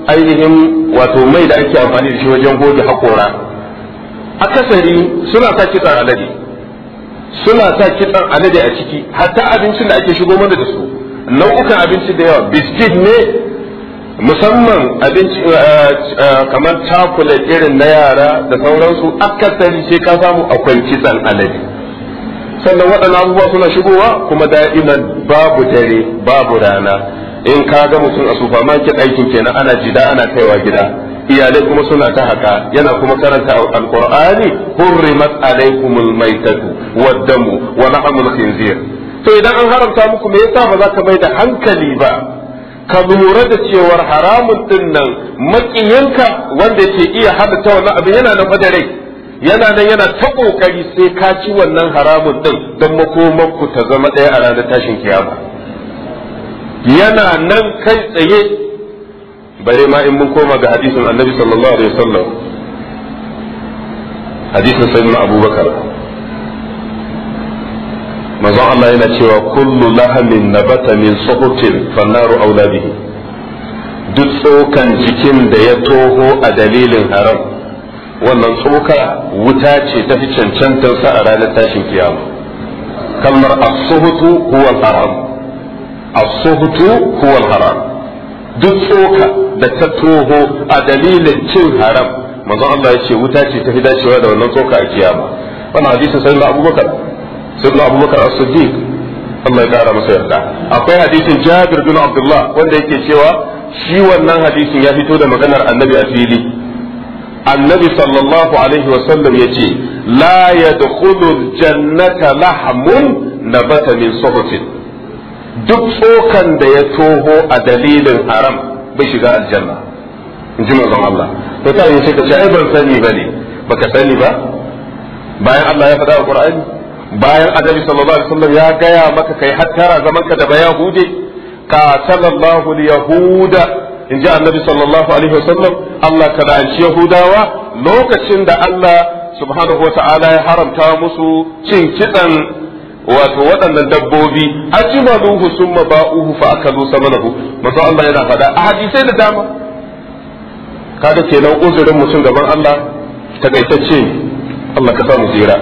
ainihin wato mai da ake amfani da shi wajen goge haƙora akasari suna sa kitson alade suna sa kitsar alade a ciki hatta abincin da ake shigo mana da su nau'ukan abinci da yawa biskit ne musamman abinci eh, eh, kamar chocolate irin na yara da sauransu akasari sai ka samu akwai kitsar alade sannan waɗannan abubuwa suna shigowa kuma da'iman babu dare babu rana in ka ga mutum a supermarket aikin kenan ana jida ana kaiwa gida iyalai kuma suna ta haka yana kuma karanta alqur'ani hurrimat alaykumul maitatu waddamu wa lahmul khinzir to idan an haramta muku me yasa ba za ka mai da hankali ba ka lura da cewar haramun din nan makiyinka wanda ke iya ta wannan abin yana da fadare yana nan yana ta kokari sai ka ci wannan haramun din don makomanku ta zama ɗaya a ranar tashin kiyama yana nan kai tsaye bare ma in mun koma ga hadisin annabi sallallahu alaihi wasallam hadisin sayyidina abubakar manzon Allah yana cewa kullu lahamin nabata min suhutin fannaru aula duk tsokan jikin da ya toho a dalilin haram wannan tsoka wuta ce ta fi cancantar sa a ranar tashin kiyama kalmar as-suhutu huwa haram Asubutu suhtu huwa haram duk tsoka da ta toho a dalilin cin haram manzo Allah ya ce wuta ce ta fi dacewa da wannan tsoka a kiyama wannan hadisin sai Abubakar sai Abubakar as-Siddiq Allah ya kara masa yarda akwai hadisin Jabir bin Abdullah wanda yake cewa shi wannan hadisin ya fito da maganar Annabi a fili Annabi sallallahu alaihi wasallam yace la yadkhulul jannata lahmun nabata min suhfin duk tsokan da ya toho a dalilin haram bai shiga aljanna in ji manzon Allah to ta yi ka ce ai ban sani ba bane baka sani ba bayan Allah ya faɗa a Qur'ani bayan Annabi sallallahu alaihi wasallam ya gaya maka kai hattara zaman ka da Ka qatalallahu al-yahuda in ji Annabi sallallahu alaihi wasallam Allah ka da'anci ci yahudawa lokacin da Allah subhanahu wa ta'ala ya haramta musu cin kitsan wato waɗannan dabbobi sun summa ba'uhu fa akalu samanahu manzo Allah yana faɗa a hadisai da dama kada kenan uzurin mutum gaban Allah takaitacce Allah ka sa mu tsira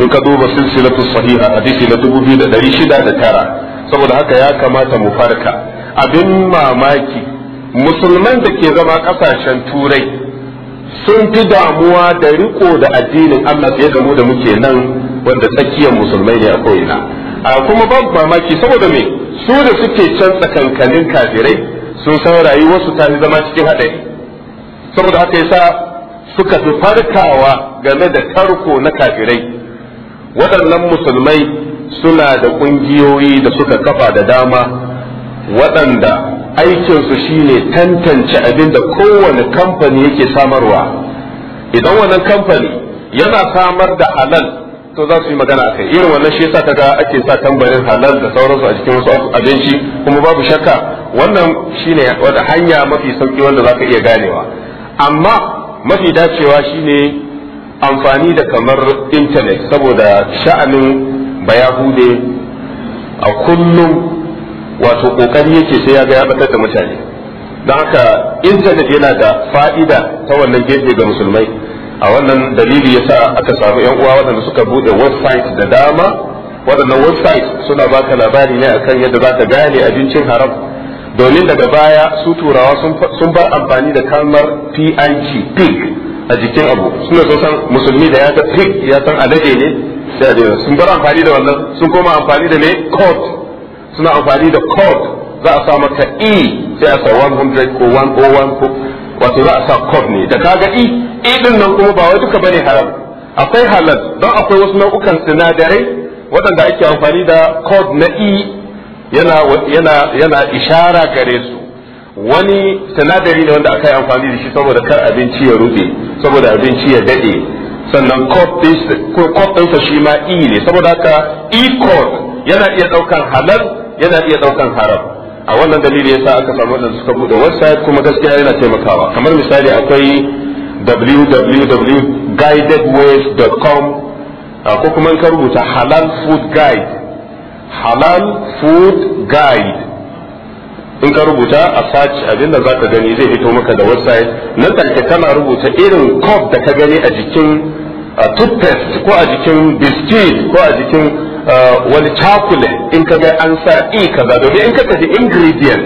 in ka duba silsilatu sahiha hadisi na 2609 saboda haka ya kamata mu farka abin mamaki musulman da ke zama kasashen turai sun fi damuwa da riko da addinin Allah fiye da mu da muke nan wanda tsakiyar musulmai ne a ko'ina a kuma babu mamaki saboda me su da suke can tsakankanin kafirai sun san su ta zama cikin haɗari saboda haka yasa suka fi farkawa game da tarko na kafirai waɗannan musulmai suna da ƙungiyoyi da suka kafa da dama waɗanda aikinsu shine tantance abin da kowane kamfani yake samarwa idan wannan kamfani yana samar da halal to za su yi magana a kai irin wannan shi yasa kaga ake sa tambarin halal da sauransu a cikin wasu abinci kuma babu shakka wannan shine wata hanya mafi sauki wanda za ka iya ganewa amma mafi dacewa shine amfani da kamar intanet saboda sha'anin bayahude a kullum wato kokari yake sai ya ga ya batar da mutane don haka intanet yana da fa'ida ta wannan gefe ga musulmai a wannan dalili sa aka samu yan uwa waɗanda suka bude website da dama waɗannan website suna baka labari ne akan yadda zaka gane abincin haram domin daga baya su turawa sun bar amfani da kalmar pig pig a jikin abu suna so san musulmi da ya ga pig ya san alade ne sun bar amfani da wannan sun koma amfani da ne code suna amfani da code za a sa maka e sai a sa 100 ko 101 ko wato za a sa kof ne da kaga i i din nan kuma ba wai duka bane haram akwai halal don akwai wasu nau'ukan sinadarai waɗanda ake amfani da kod na i yana ishara gare su wani sinadari ne wanda aka yi amfani da shi saboda kar abinci ya rube saboda abinci ya daɗe sannan kod ɗinsa shi ma i ne saboda haka i kod yana iya ɗaukan halal yana iya ɗaukan haram a wannan dalili yasa aka samu wannan suka bude website kuma gaskiya yana taimakawa kamar misali akwai www.guidedways.com ko kuma ka rubuta halal food guide halal food guide in ka rubuta a search abinda zaka gani zai fito maka da website nan take kana rubuta irin cup da ka gani a jikin toothpaste ko a jikin biscuit ko a jikin Eh, wani chocolate in ka ga an sa i e kaza domin in ka tafi ingredient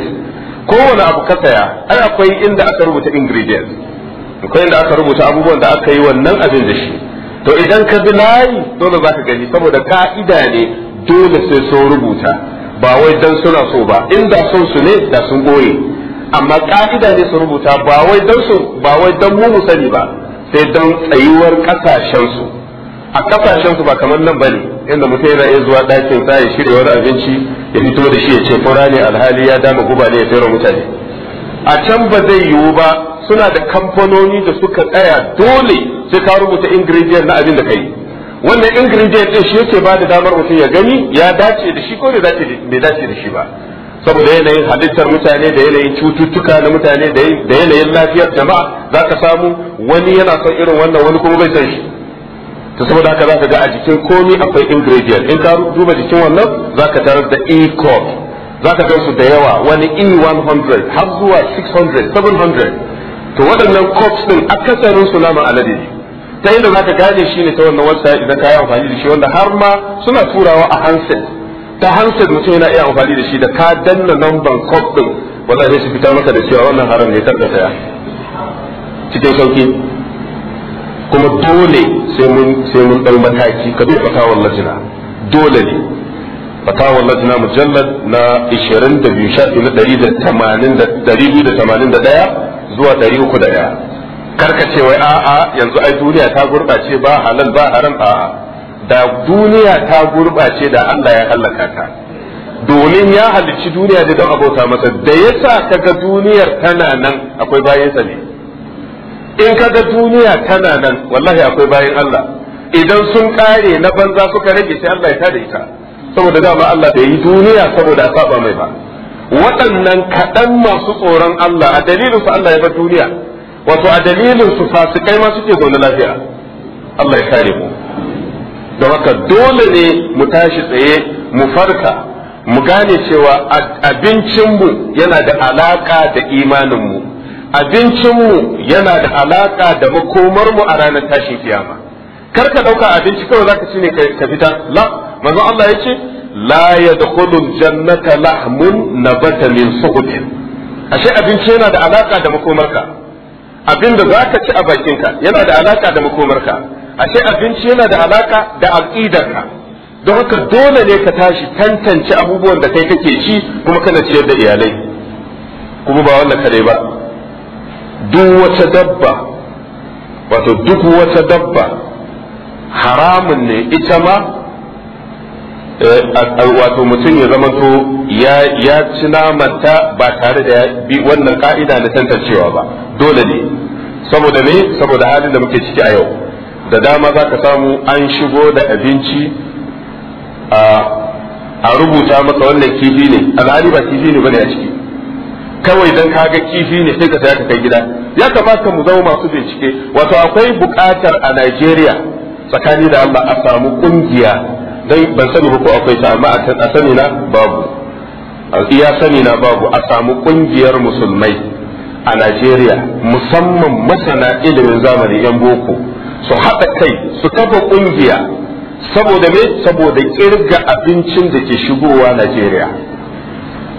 kowane abu ka saya ai akwai inda aka rubuta ingredient akwai inda aka rubuta abubuwan da aka yi wannan abin da shi to idan ka bi layi dole za ka gani saboda ka'ida ne dole sai sun rubuta ba wai dan suna so ba inda son su ne da sun goye amma ka'ida ne su rubuta ba wai dan su ba wai dan mu sani ba sai dan tsayuwar kasashen su a kasashen su ba kamar nan bane inda mutum yana iya zuwa ɗakin sa ya shirya wani abinci ya fito da shi ya ce kura ne alhali ya dama guba ne ya tsere mutane a can ba zai yiwu ba suna da kamfanoni da suka tsaya dole sai ka rubuta ingredient na abin da kai wannan ingredient din shi yake ba da damar mutum ya gani ya dace da shi ko bai dace da shi ba saboda yanayin halittar mutane da yanayin cututtuka na mutane da yanayin lafiyar jama'a za ka samu wani yana son irin wannan wani kuma bai san shi ta saboda haka za ka ga a jikin komi akwai ingredient in ka duba jikin wannan za ka tarar da E crop ka ga su da yawa wani E100 har zuwa 600 700 to waɗannan crops din akasarin su naman alade ne ta yadda ka gane shi ne ta wannan website idan ka yi amfani da shi wanda har ma suna turawa a handset ta handset mutum yana iya amfani da shi da ka danna lamban crop din wanda zai su fitar maka da cewa wannan haram ne tarka ya cikin sauki kuma dole sai mun sai mataki ka duba fatawar lajina dole ne fatawar lajina mujallad na 22 na zuwa 301 karka ce wai a'a yanzu ai duniya ta gurbace ba halal ba haram a'a da duniya ta gurbace da Allah ya halaka ta domin ya halicci duniya da don abota masa da yasa kaga duniyar tana nan akwai bayansa ne in kaga duniya tana nan wallahi akwai bayan Allah idan sun kare na banza suka rage sai Allah ya tada ita saboda dama Allah bai yi duniya saboda a saba mai ba waɗannan kaɗan masu tsoron Allah a dalilin su Allah ya bar duniya wato a dalilin su fasikai ma suke gona lafiya Allah ya kare mu don haka dole ne mu tashi tsaye mu farka mu gane cewa abincinmu yana da alaka da imaninmu abincinmu yana da alaka da makomarmu a ranar tashin kiyama kar ka ɗauka abinci kawai zaka ci ne ka fita la manzo Allah ya ce la yadkhulu jannata lahmun nabata min suhudin. ashe abinci yana da alaka da makomarka abin da zaka ci a bakinka yana da alaka da makomarka ashe abinci yana da alaka da aqidarka don haka dole ne ka tashi tantance abubuwan da kai kake ci kuma kana ciyar da iyalai kuma ba wannan kare ba duk wata dabba wato duk wata dabba haramun ne ita ma eh, wato mutum ya zama to ya ci namanta ba tare da bi wannan ka'ida na tantancewa ba dole ne saboda ne saboda halin da muke ciki a yau da dama za ka samu an shigo da abinci a rubuta maka wannan kifi ne a ba kifi ne bane a ciki kawai dan kaga kifi ne sai ka saya ka kai gida ya kamata mu zama masu bincike wato akwai bukatar a Najeriya tsakani da Allah a samu kungiya dai ban sani ba ko akwai ta amma a sani na babu iya sani na babu a samu kungiyar musulmai a Najeriya musamman masana ilimin zamani yan boko su haɗa kai su kafa kungiya saboda me saboda kirga abincin da ke shigowa Najeriya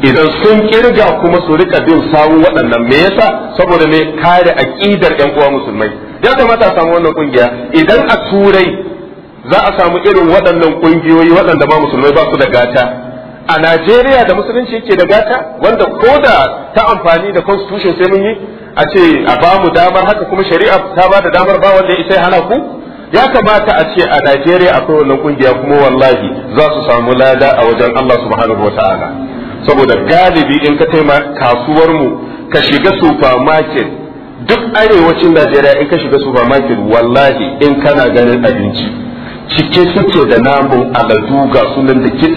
idan sun kirga kuma su rika bin sawu waɗannan me yasa saboda me kare aqidar ƴan uwa musulmai ya kamata a samu wannan kungiya idan a turai za a samu irin waɗannan kungiyoyi waɗanda ba musulmai ba su da gata a Najeriya da musulunci yake da gata wanda ko da ta amfani da constitution sai mun yi a ce a ba mu damar haka kuma shari'a ta ba da damar ba wanda ita hana ku ya kamata a ce a Najeriya akwai wannan kungiya kuma wallahi za su samu lada a wajen Allah subhanahu wataala saboda galibi in ka taima kasuwar mu ka shiga supermarket duk arewacin Najeriya in ka shiga supermarket wallahi in kana ganin abinci cike suke da namun aladu ga sunan da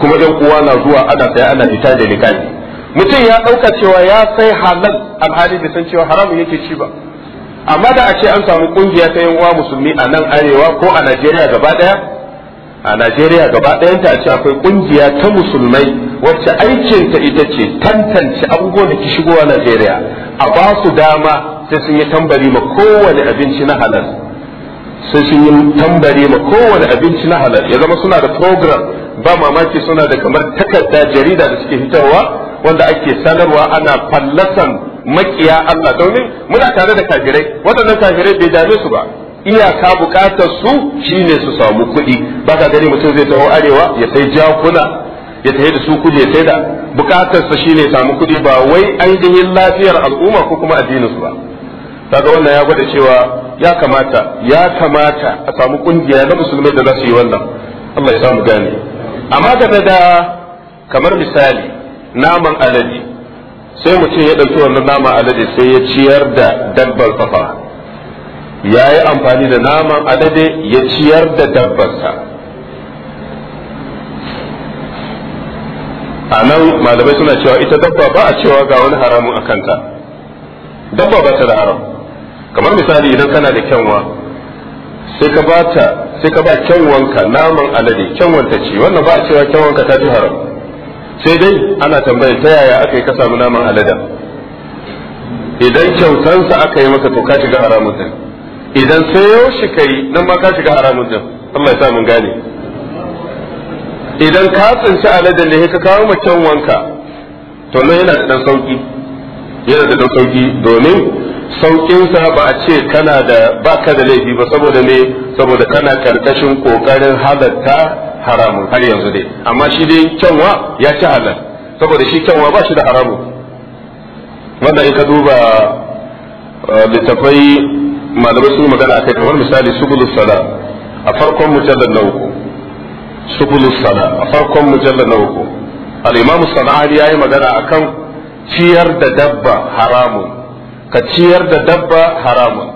kuma dan uwa na zuwa ana saya ana fita da likali. mutum ya ɗauka cewa ya sai halal alhali bai san cewa haramun yake ci ba amma da a ce an samu ƙungiya ta yan uwa musulmi a nan arewa ko a Najeriya gaba ɗaya. a Najeriya gaba ɗayanta a ce akwai ƙungiya ta musulmai wacce aikin ta ita ce tantance abubuwan da ke shigowa Najeriya a ba su dama sai sun yi tambari ma kowane abinci na halal sai sun yi tambari ma kowane abinci na halal ya zama suna da program ba mamaki suna da kamar takarda jarida da suke fitarwa wanda ake sanarwa ana fallasan makiya Allah domin muna tare da kafirai waɗannan kafirai bai dame su ba iyaka bukatar su shine su samu kuɗi ba ka gani mutum zai taho arewa ya sai jakuna ya tafi da su kuɗi ya sai da bukatar sa shine samu kuɗi ba wai ainihin lafiyar al'umma ko kuma addinin su ba kaga wannan ya gwada cewa ya kamata ya kamata a samu kungiya na musulmai da za su yi wannan Allah ya samu gane amma da kamar misali naman alade sai mutum ya ɗauki wannan naman alade sai ya ciyar da dabbar kafa ya yi amfani da naman adade ya ciyar da dabbarsa a nan malamai suna cewa ita dabba ba a cewa ga wani haramun a kanta dabba ba ta da haram kamar misali idan kana da kyanwa sai ka bata sai ka ba kyanwanka naman alade kyanwan ta ci wannan ba a cewa kyanwanka ta fi haram sai dai ana tambayar ta yaya aka yi ka samu naman alada idan kyautansa aka yi maka to ka shiga haramun idan sayo shi kai nan ma ka shiga haramun din Allah ya sa mun gane idan ka tsinci aladen ne ka kawo macen wanka to nan yana da dan sauki yana da dan sauki domin saukin sa ba a ce kana da baka da laifi ba saboda ne saboda kana karkashin kokarin halatta haramun har yanzu dai amma shi dai kyanwa ya ci halal saboda shi kyanwa ba shi da haramun wanda in ka duba eh, littafai malamai sun magana akai kamar misali subulus sala a farkon mujallar na uku subulus sala a farkon mujallar na uku al-imam ya yayi magana akan ciyar da dabba haramun ka ciyar da dabba haramun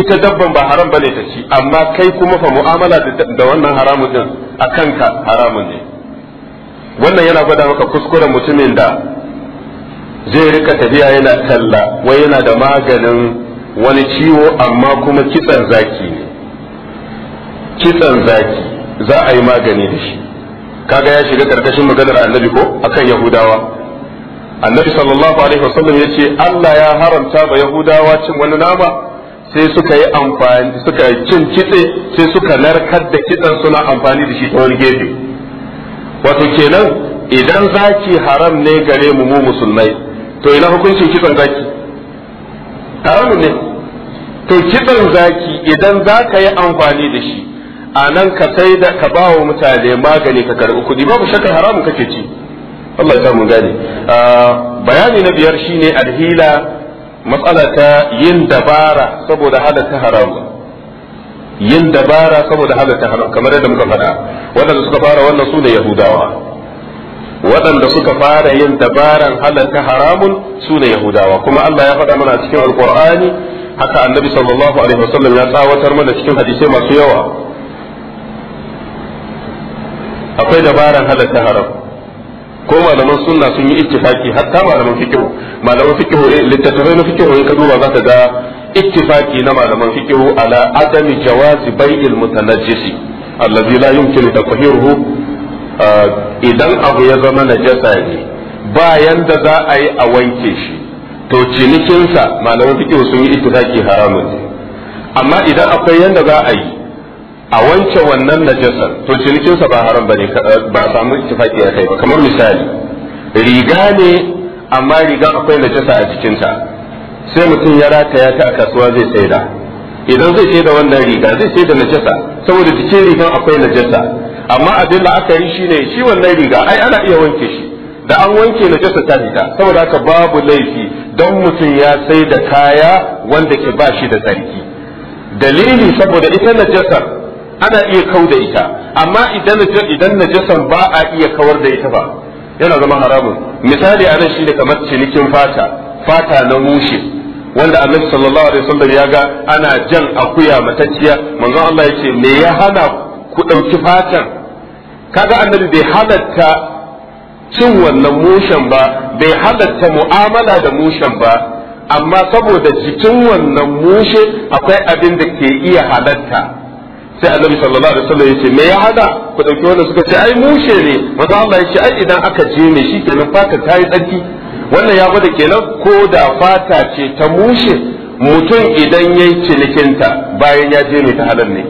ita dabban ba haram bane ta ci amma kai kuma fa mu'amala da wannan haramun din akan ka haramun ne wannan yana gwada maka kuskuren mutumin da zai rika tafiya yana talla wai yana da maganin wani ciwo amma kuma kitsan zaki ne kitsan zaki za a yi magani da shi kaga ya shiga karkashin maganar annabi ko akan yahudawa annabi sallallahu alaihi wasallam yace Allah ya haramta ba yahudawa cin wani nama sai suka yi amfani suka cin kitse sai suka narkar da kitsan suna amfani da shi ta wani gefe wato kenan idan zaki haram ne gare mu mu musulmai to ina hukuncin kitsan zaki haramun ne to kidan zaki idan za ka yi amfani da shi a nan ka sai da ka ba wa mutane magani ka karɓi kuɗi ku shakar haramun kake ci Allah ya mun gane ah, bayani na biyar shine alhila matsala ta yin dabara saboda halatta haramun yin dabara saboda halatta haram kamar yadda muka faɗa waɗanda suka fara wannan su ne yahudawa waɗanda suka fara yin dabaran halatta haramun su ne yahudawa kuma Allah ya faɗa mana cikin alkur'ani haka annabi sallallahu alaihi wasallam ya tsawatar mana cikin hadisai masu yawa akwai dabaran halatta haram ko malaman sunna sun yi ittifaki hatta malaman fikihu malaman fikihu eh, littattafai na fikihu in ka duba za ka ga ittifaki na malaman fikihu ala adami jawazi bai'il mutanajjisi allazi la yumkinu takhiruhu ah, idan abu ya zama najasa ne bayan da za a yi a wanke shi to cinikinsa malamin fikihu sun yi ittifaqi haramun ne amma idan akwai yanda za a yi a wance wannan najasar to cinikinsa ba haram bane ba a samu ittifaqi a kai ba kamar misali riga ne amma riga akwai najasa a cikinta sai mutum ya ya ta a kasuwa zai saida idan zai saida wannan riga zai saida najasa saboda cikin rigan akwai najasa amma abin la'akari shine shi wannan riga ai ana iya wanke shi da an wanke najasa ta fita saboda haka babu laifi don mutum ya sai da kaya wanda ke ba shi da tsarki dalili saboda ita najasar ana iya kau da ita amma idan idan najasar ba a iya kawar da ita ba yana zama haramun misali anan shi da kamar cinikin fata fata na mushe wanda annabi sallallahu alaihi wasallam ya ga ana jan akuya matacciya manzon Allah yace me ya hana ku dauki fatan kaga annabi bai halatta cin wannan mushen ba bai halatta mu'amala da mushen ba amma saboda jikin wannan mushe akwai abin da ke iya halatta sai annabi sallallahu alaihi wasallam yace me ya hada ku dauki wannan suka ce ai mushe ne manzo Allah yace ai idan aka je ne shi kenan fata ta yi tsarki wannan ya gwada kenan ko da fata ce ta mushe mutum idan yayi cinikinta bayan ya je ne ta halal ne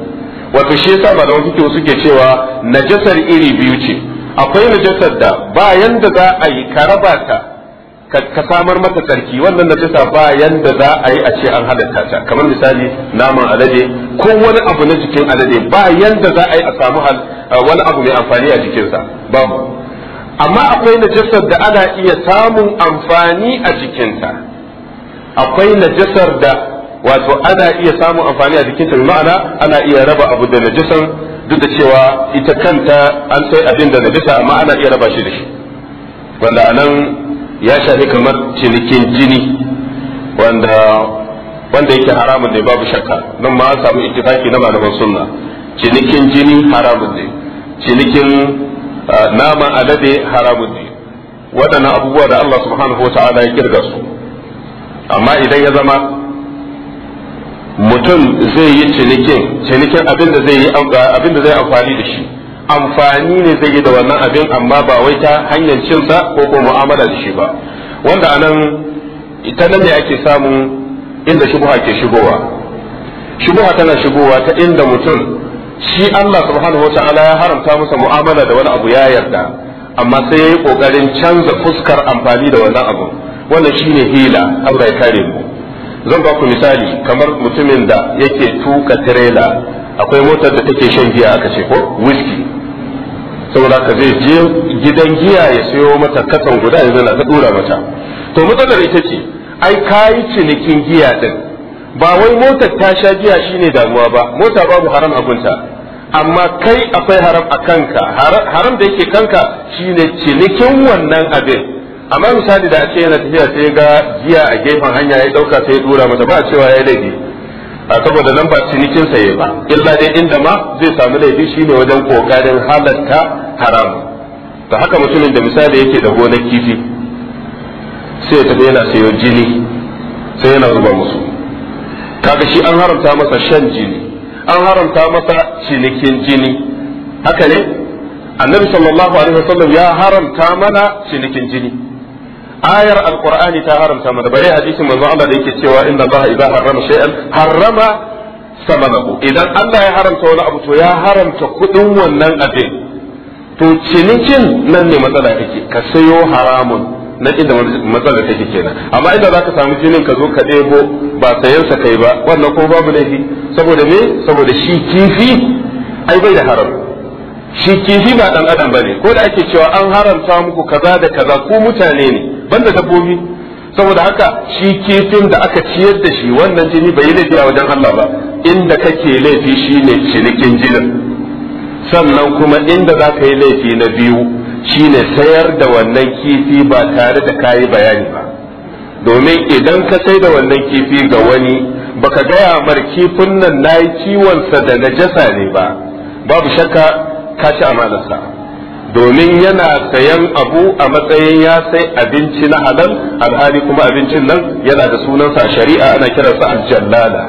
wato shi yasa malamai suke cewa najasar iri biyu ce akwai najasar da bayan da za a yi ka raba ta ka samar mata tsarki wannan najasa bayan da za a yi a ce an halatta ta kamar misali naman alade ko wani abu na jikin alade bayan da za a yi a samu wani abu mai amfani a jikinsa babu amma akwai najasar da ana iya samun amfani a jikinta akwai najasar da wato ana iya samun amfani a jikinta ma'ana ana iya raba abu da najasan duk da cewa ita kanta an sai abin da nabisa amma ana iya raba shi da shi wanda anan ya shafi kamar cinikin jini wanda wanda yake haramun ne babu shakka nan ma an samu ittifaki na malaman sunna cinikin jini haramun ne cinikin ah, nama alade haramun ne waɗannan abubuwa da Allah subhanahu wa ta'ala ya kirga su amma idan ya zama mutum zai yi cinikin cinikin abin da zai yi abin zai amfani da shi amfani ne zai yi da wannan abin amma ba wai ta hanyar cinsa ko ko mu'amala da shi ba wanda anan ita nan ne ake samu inda shubuha ke shigowa shubuha tana shigowa ta inda mutum shi Allah subhanahu wataala ya haramta masa mu'amala da wani abu ya yarda amma sai yayi kokarin canza fuskar amfani da wannan abu wannan shine hila Allah ya kare mu zan ba ku misali kamar mutumin da yake tuka tirela akwai motar da take shan giya aka ce ko whisky saboda ka zai je gidan giya ya sayo mata kasan guda ya zana ta dora mata to matsalar ita ce ai kayi cinikin giya din ba wai motar ta sha giya shine damuwa ba mota babu haram abunta amma kai akwai haram a kanka haram da yake kanka shine cinikin wannan abin amma misali da a ce yana tafiya sai ga giya a gefen hanya ya dauka sai ya dura masa ba cewa ya laifi a saboda nan ba cinikin sa ba illa dai inda ma zai samu laifi shine wajen kokarin halatta haram ta haka mutumin da misali yake da gonar kifi sai ya tafi yana sayo jini sai yana zuba musu kaga shi an haramta masa shan jini an haramta masa cinikin jini haka ne annabi sallallahu alaihi wasallam ya haramta mana cinikin jini ayar alqur'ani ta haramta mana bare hadisin manzo Allah da yake cewa inna Allah idan harrama shay'an harrama sababu idan Allah ya haramta wani abu to ya haramta kudin wannan abin to cinikin nan ne matsala take ka sayo haramun na inda matsala take kenan amma inda zaka samu jinin ka zo ka debo ba sayan sa kai ba wannan ko babu laifi saboda me saboda shi kifi ai bai da haram shi kifi ba dan adam bane ko da ake cewa an haramta muku kaza da kaza ku mutane ne banda dabbobi saboda haka shi kifin da aka ciyar da shi wannan jini bai yi laifi a wajen Allah ba inda kake laifi shine cinikin jinin sannan kuma inda za ka yi laifi na biyu shine sayar da wannan kifi ba tare da kayi bayani ba domin idan ka sai da wannan kifi ga wani baka gaya mar kifin nan nayi ciwon sa da najasa ne ba babu shakka ka ci amanarsa domin yana sayan abu a matsayin ya sai abinci na halal alhali kuma abincin nan yana da sunansa a shari'a ana kiransa aljallala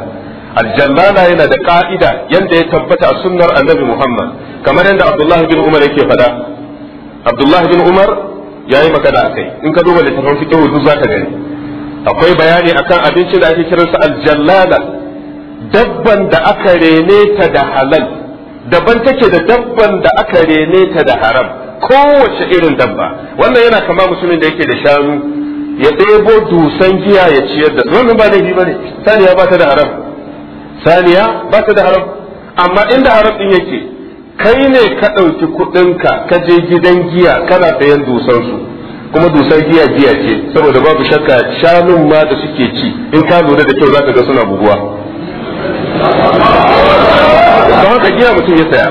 aljallala yana da ka'ida yadda ya tabbata a sunnar annabi muhammad kamar yadda abdullahi bin umar yake faɗa abdullahi bin umar ya yi magana a kai in ka duba littafin fiqh za zaka gani akwai bayani akan abincin da ake kiransa aljallala dabban da aka rene ta da halal daban take da dabban da aka rene ta da haram kowace irin dabba wannan yana kama musulmin da yake da shanu ya ɗebo dusan giya ya ciyar da wannan ba laifi bane saniya ba ta da haram saniya ba ta da haram amma inda haram din yake kai ne ka ɗauki kuɗinka ka ka je gidan giya kana sayan dusan su kuma dusan giya giya ce saboda babu shakka shanun ma da suke ci in ka lura da kyau zaka ga suna buguwa don haka giya mutum ya saya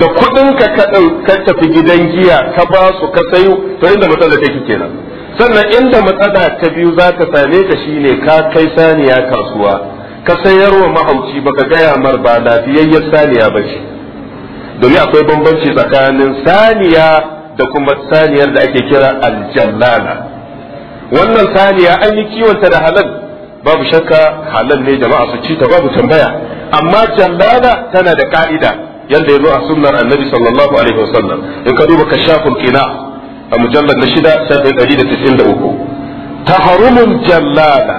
da kuɗin ka ka tafi gidan giya ka ba su ka sayo to inda matsala take kenan sannan inda matsala ta biyu za ka same ka shine ka kai saniya kasuwa ka sayarwa mahauci baka gaya mar ba lafiyayyar saniya ba ce domin akwai bambanci tsakanin saniya da kuma saniyar da ake kira aljallala wannan saniya an yi kiwonta da halal babu shakka halal ne jama'a su ci ta babu tambaya amma jallala tana da ka'ida yadda yazo a sunnar annabi sallallahu alaihi wasallam in ka duba kashaful qina a mujallad na shida shafin ɗari da tisin da uku taharumul jallala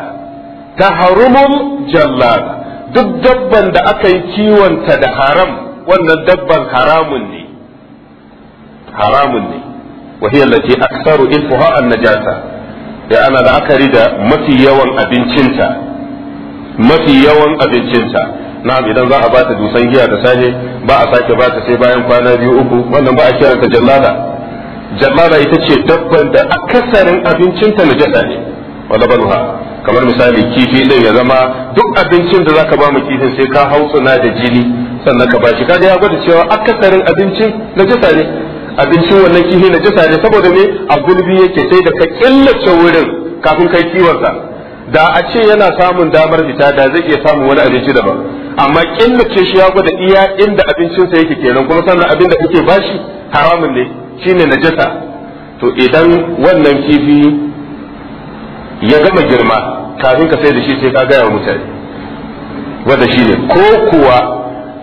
taharumul Jallada. duk dabban da aka yi kiwonta da haram wannan dabban haramun ne haramun ne وهي التي أكثر an النجاسة da ana la'akari da mafi yawan abincinta mafi yawan abincinta na'am idan za a ba ta dusan giya da Sani ba a sake ba ta sai bayan kwana biyu uku wannan ba a kiranta jallada jallada ita ce dabban da akasarin abincinta na jada ne ba balha kamar misali kifi din ya zama duk abincin da zaka ba mu kifin sai ka hausa na da jini sannan ka bashi kaga ya gwada cewa akasarin abincin na jada ne abincin wannan kifi na jisa ne saboda ne a gulbi yake sai da ka killace wurin kafin kai kiwonsa da a ce yana samun damar fita da zai iya samun wani abinci daban amma killace shi ya gwada iya inda abincinsa yake kenan kuma sannan abin da kake bashi haramun ne shine jisa. to idan wannan kifi ya gama girma kafin ka sai da shi sai ka gaya wa mutane wanda shine ko kuwa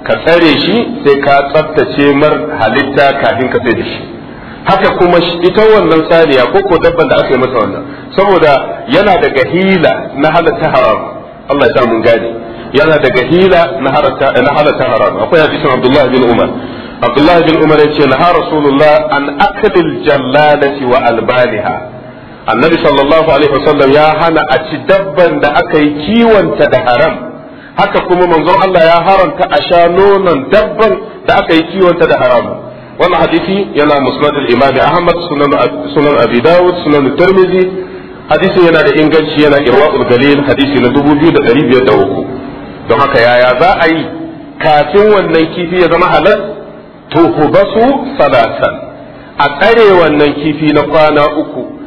ka tsare shi sai ka tsaftace mar halitta kafin ka sai da shi haka kuma ita wannan saniya ko ko dabban da aka yi masa wannan saboda yana daga hila na halatta haram Allah ya sa mun gane yana daga hila na halatta haram akwai hadisin Abdullah bin Umar Abdullah bin Umar yace na Rasulullah an akadil jallalati wa albaniha annabi sallallahu alaihi wasallam ya hana a ci dabban da aka yi kiwonta da haram haka kuma manzon Allah ya haramta a sha nonon dabban da aka yi kiwonta da haramu wannan hadisi yana musnad al-imam Ahmad sunan sunan Abi Dawud sunan Tirmidhi hadisi yana da inganci yana irwaul galil hadisi na 2503 don haka yaya za a yi kafin wannan kifi ya zama halal to hubasu salatan a tsare wannan kifi na kwana uku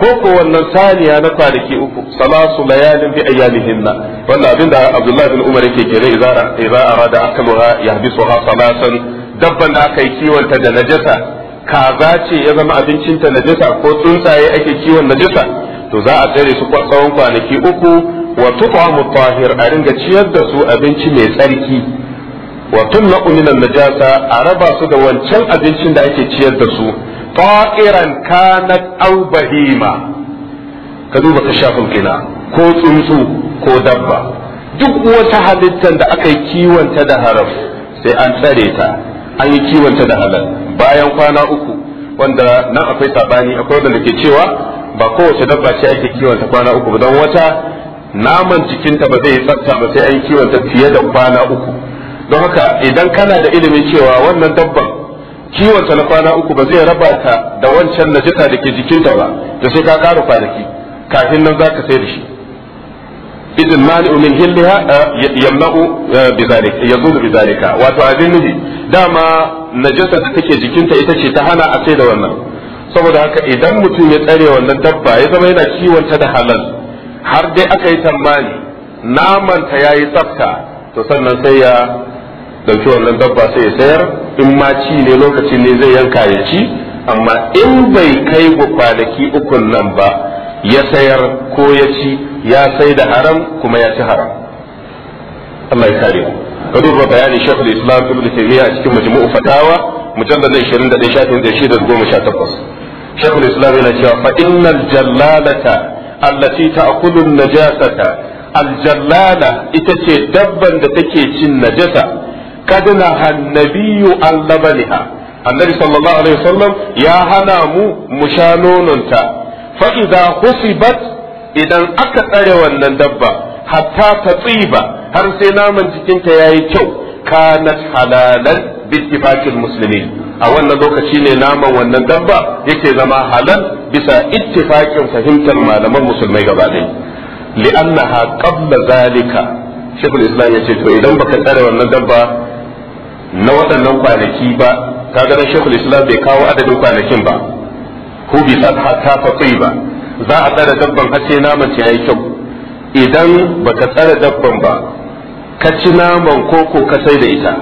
ko ko wannan saniya na kwanaki uku salasu layalin bi ayyamihinna wannan abin da bin Umar yake kira idza idza arada akaluha yahbisuha salasan dabban da aka yi kiwon ta da najasa kaza ce ya zama abincin ta najasa ko tsuntsaye ake kiwon najasa to za a tsare su tsawon kwanaki uku wa tut'amu tahir a ringa ciyar da su abinci mai tsarki wa tunna minan najasa a raba su da wancan abincin da ake ciyar da su ta'iran kanat aw bahima ka duba kashafin kina ko tsuntsu ko dabba duk wata halittar da aka yi kiwonta da haraf sai an tsare ta an yi kiwonta da halal bayan kwana uku wanda nan akwai sabani akwai wanda ke cewa ba kowace dabba ce ake kiwonta kwana uku ba don wata naman jikinta ba zai tsafta ba sai an kiwonta fiye da kwana uku don haka idan kana da ilimin cewa wannan dabban ta na kwana uku ba zai raba ta da wancan jita da ke jikinta ba da sai ka ƙara kwanaki kafin nan za ka sai da shi idan mani'u min hilliha eh, yamna'u eh, bizalika yazulu bizalika wato abin nufi dama najasa da take jikinta ita ce ta hana a sai da wannan saboda haka idan mutum ya tsare wannan dabba ya zama yana kiwonta da halal har dai aka yi tambani namanta ya yayi tsafta to sannan sai ya dauki wannan dabba sai ya sayar in ma ci ne lokacin ne zai yanka ya ci amma in bai kai kwanaki ukun nan ba ya sayar ko ya ci ya sai da haram kuma ya ci haram Allah ya kare mu ka duba bayanin Sheikhul Islam Ibn Taymiyyah a cikin Majmu'u Fatawa mujallad 21 shafin 618 Sheikhul Islam yana cewa fa innal jallalata allati ta'kulu an-najasata al-jallala ita ce dabban da take cin najasa kad naha nabiyyu an labaniha annabi sallallahu alaihi wasallam ya hana mu mu sha nononta fa idza bat idan aka tsare wannan dabba hatta ta tsiba har sai naman jikinta yayi kyau kanat halalan bittifaqil muslimin a wannan lokaci ne naman wannan dabba yake zama halal bisa ittifaqin fahimtar malaman musulmai gaba ɗaya li'annaha qabla zalika shekul islam ya ce to idan baka tsare wannan dabba na waɗannan kwanaki ba ta ganin shekul islam bai kawo adadin kwanakin ba ko bi ta fatsai ba za a tsara dabban har sai naman ya yi kyau idan baka tsara dabban ba ka ci naman koko ka sai da ita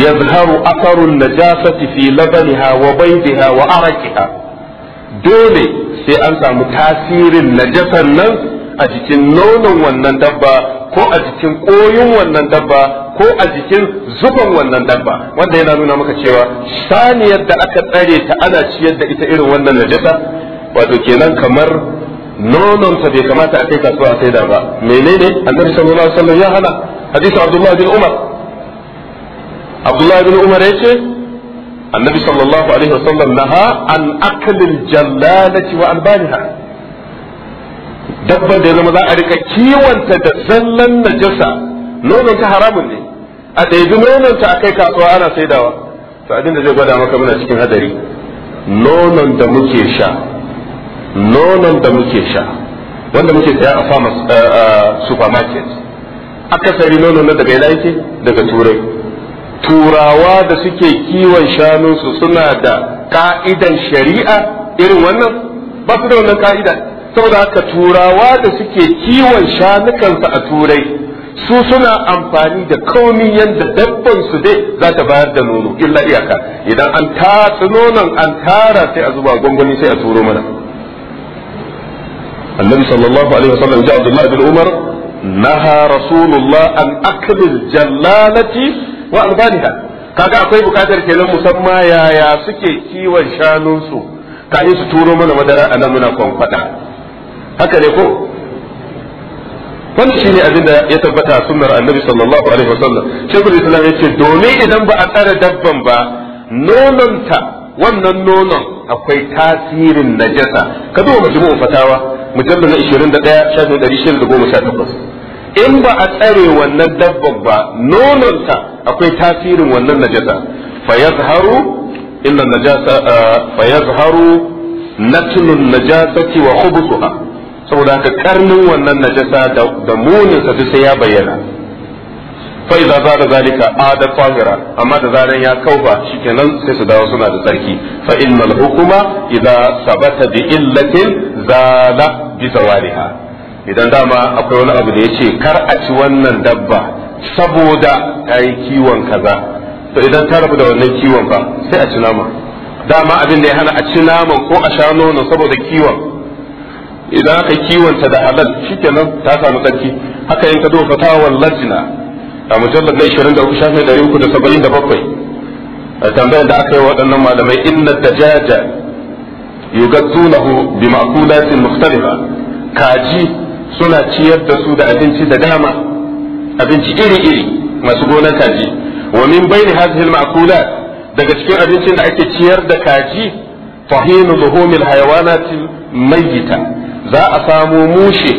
yazharu asarun najasati fi labaniha wa baidiha wa araqiha dole sai an samu tasirin najasan nan a jikin nonon wannan dabba ko a jikin koyon wannan dabba ko a jikin zuban wannan dabba wanda yana nuna maka cewa saniyar da aka tsare ta ana ciyar da ita irin wannan najasa wato kenan kamar nonon nononta bai kamata a kai kasuwa a saida ba menene annabi sallallahu alaihi wasallam ya hana hadisin abdullahi bin umar abdullahi bin umar ya ce annabi sallallahu alaihi wasallam naha an akalil jallalati wa albaniha dabban da ya zama za a rika kiwonta da zallan najasa nonon ta haramun ne a ɗaibi nonon ta kai kasuwa ana saidawa to abin da zai gwada maka muna cikin hadari nonon da muke sha nonon da muke sha wanda muke saya a eh, eh, supermarket akasari nonon na daga ina daga turai turawa da suke kiwon shanunsu suna da ka'idan shari'a irin wannan ba su da wannan ka'ida saboda haka turawa da suke kiwon shanukansu a turai su suna amfani da komi yadda dabban su dai za ta bayar da nono illa iyaka idan an tatsi nonon an tara sai a zuba gwangwani sai a turo mana annabi sallallahu alaihi wasallam ji abdullah bin umar naha rasulullah an aklil jallalati wa albaniha kaga akwai bukatar kenan musamman yaya suke kiwon shanunsu ka su turo mana madara a nan muna kwan haka ne ko wanda shine abin da ya tabbata a sunnar annabi sallallahu alaihi wasallam shekul islam ya ce domin idan ba a tsara dabban ba nononta wannan nonon akwai tasirin najasa ka duba majmu'u fatawa mujallal 21 shafin 618 in ba a tsare wannan dabban ba nononta akwai tasirin wannan najasa fa yazharu illa najasa eh, fa yazharu natlu najasati wa khubusuha saboda haka karnin wannan najasa da munin sa sai ya bayyana fa idza zada zalika ada fahira amma da zaran ya kaufa shikenan sai su dawo suna da tsarki fa innal hukuma idza sabata bi illatin zala bi zawaliha idan dama akwai wani abu da yace kar a ci wannan dabba saboda ta yi kiwon kaza to idan ta rabu da wannan kiwon ba sai a ci nama dama abin da ya hana a ci naman ko a sha nono saboda kiwon idan aka kiwonta da halal shikenan ta samu tsarki haka yin ka dofa tawon lajina a mujallar na 23 shafin 377 a tambayar da aka yi waɗannan malamai inna dajaja yugazzunahu bi ma'kulatin mukhtalifa kaji suna ciyar da su da abinci da dama abinci iri-iri masu gonar kaji wa min bayni hadhihi al-ma'kulat daga cikin abincin da ake ciyar da kaji fahimu luhumil hayawanati mayyita za a samo mushe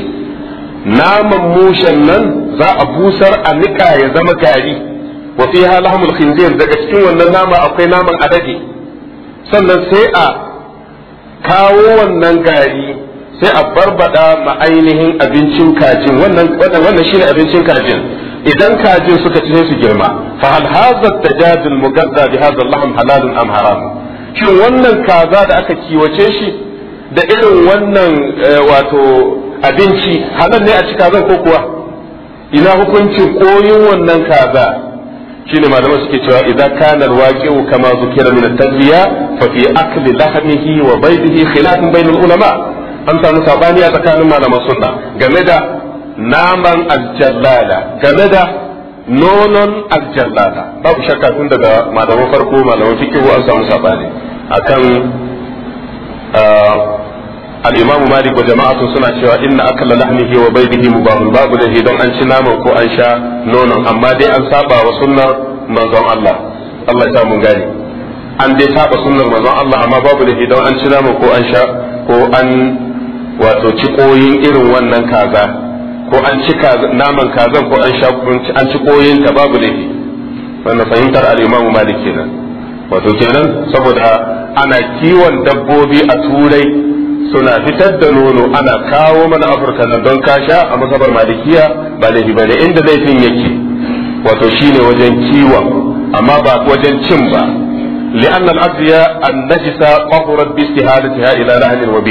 naman mushen nan za a busar a niƙa ya zama gari wa fiha lahmul khinzir daga cikin wannan nama akwai naman adadi sannan sai a kawo wannan gari sai a barbada ma ainihin abincin kajin wannan wannan shine abincin kajin idan kajin suka ci su girma fa hal hadha tajadul mugadda bi hadha lahm halalun am haram shin wannan kaza da aka kiwace shi da irin wannan eh, wato abinci halal ne a ci kazan ko kuwa ina hukuncin koyin wannan kaza shine malama suke cewa idza kana alwaqi'u kama zukira min at-tadhiya fa fi akli lahmihi wa baydihi khilaf bainal ulama an samu sabani a tsakanin malama sunna game da naman al-jallala game da nonon al-jallala babu shakka tun daga malaman farko malaman fikihu an samu sabani akan ah, al-imamu malik wa jama'atu suna cewa inna akalla lahmihi wa baydihi mubahun babu da hidan an ci naman ko an sha nonon amma dai an saba wa sunnar manzon Allah Allah ya mun gane an dai saba sunnar manzon Allah amma babu da hidan an ci naman ko an sha ko an wato ci koyin irin wannan kaza ko an ci naman kaza ko an sha ko an ci koyin ta babu da wannan fahimtar al-imamu malik kenan wato kenan saboda ana kiwon dabbobi a turai suna fitar da nono ana kawo mana afirka na don kasha a masabar malikiya ba laifi ba ne inda laifin yake wato shine wajen kiwon amma ba wajen cin ba li'an al'adiyya an najisa ƙwaƙurar bisti halitta ila lahanin wa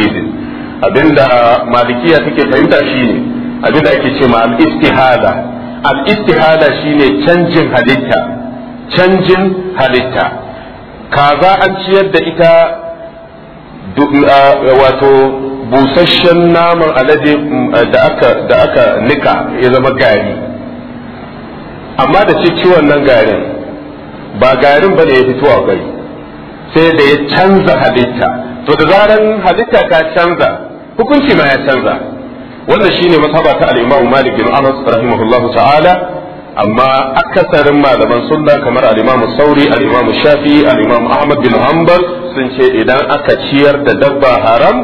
abinda malikiya take fahimta shine abinda ake ce ma al-istihala al-istihala shine canjin halitta canjin halitta kaza an ciyar da ita wato busasshen naman alade mm, da aka da aka nika ya zama gari amma da ciki wannan garin ba garin ba ne ya fito a gari sai da ya canza halitta to da zaran halitta ta canza hukunci ma ya canza wannan shine masaba ta al-Imam Malik bin Anas rahimahullahu ta'ala amma akasarin malaman sunna kamar al-Imam Sauri al-Imam Shafi al-Imam Ahmad bin Hanbal sun ce idan aka ciyar da dabba haram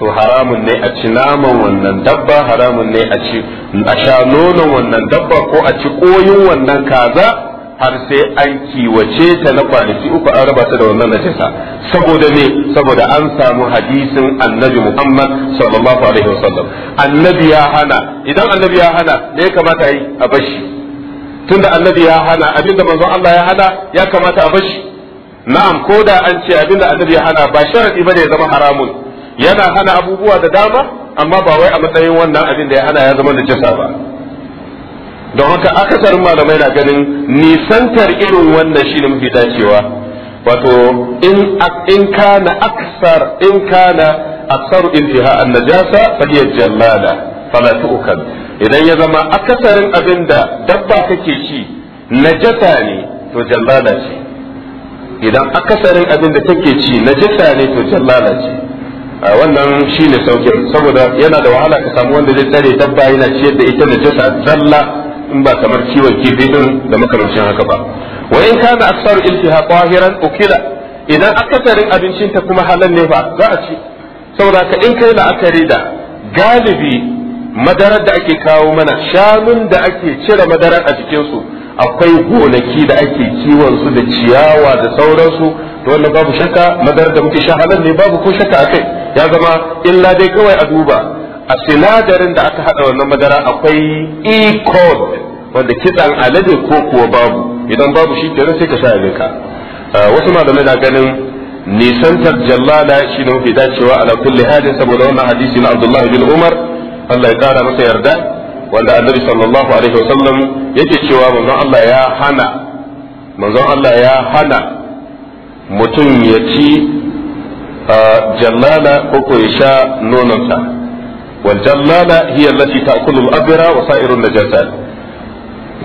to haramun ne a ci naman wannan dabba haramun ne a ci a sha nonon wannan dabba ko a ci koyin wannan kaza har sai an kiwace ta na kwanaki uku an raba ta da wannan najasa saboda ne saboda an samu hadisin annabi Muhammad sallallahu alaihi wasallam annabi ya hana idan annabi ya hana ne ya kamata yi a bashi tunda annabi ya hana abinda manzon Allah ya hana ya kamata a bashi na'am ko da an ce abinda annabi ya hana ba sharadi bane ya zama haramun yana hana abubuwa da dama amma ba wai a matsayin wannan abin da ya hana ya zama najasa ba don haka akasarin malamai na ganin nisantar irin wannan shi ne mafi dacewa wato in in kana aksar in kana aksaru intiha an najasa fadiyar jallala fala tu'kal idan ya zama akasarin abin da dabba kake ci najasa ne to jallala ce idan akasarin abin da take ci najasa ne to jallala ce wannan shine sauƙi. saboda yana da wahala ka samu wanda zai tsare dabba yana ciyar da ita najasa zalla in ba kamar ciwon kifi din da makarancin haka ba wa in kana aksaru iltiha qahiran ukila idan akasarin abincin ta kuma halal ne ba za a ci saboda ka in kai la'akari da galibi madarar da ake kawo mana shanun da ake cire madarar a su akwai gonaki da ake kiwon su da ciyawa da sauransu to wannan babu shakka madarar da muke sha halal ne babu ko shakka akai ya zama illa dai kawai a duba a sinadarin da aka haɗa wannan madara akwai e wanda kitsan alade ko kuwa babu idan babu shi kenan sai ka sha ka. wasu malamai na ganin nisantar jallala shi ne mafi dacewa ala kulli hadin saboda wannan hadisi na abdullahi bin umar allah ya kara masa yarda wanda annabi sallallahu alaihi wasallam yake cewa manzon allah ya hana manzon allah ya hana mutum ya ci jallala ko ko ya sha nononsa wal jallala hiya allati ta'kulu al abra wa sa'irun najasat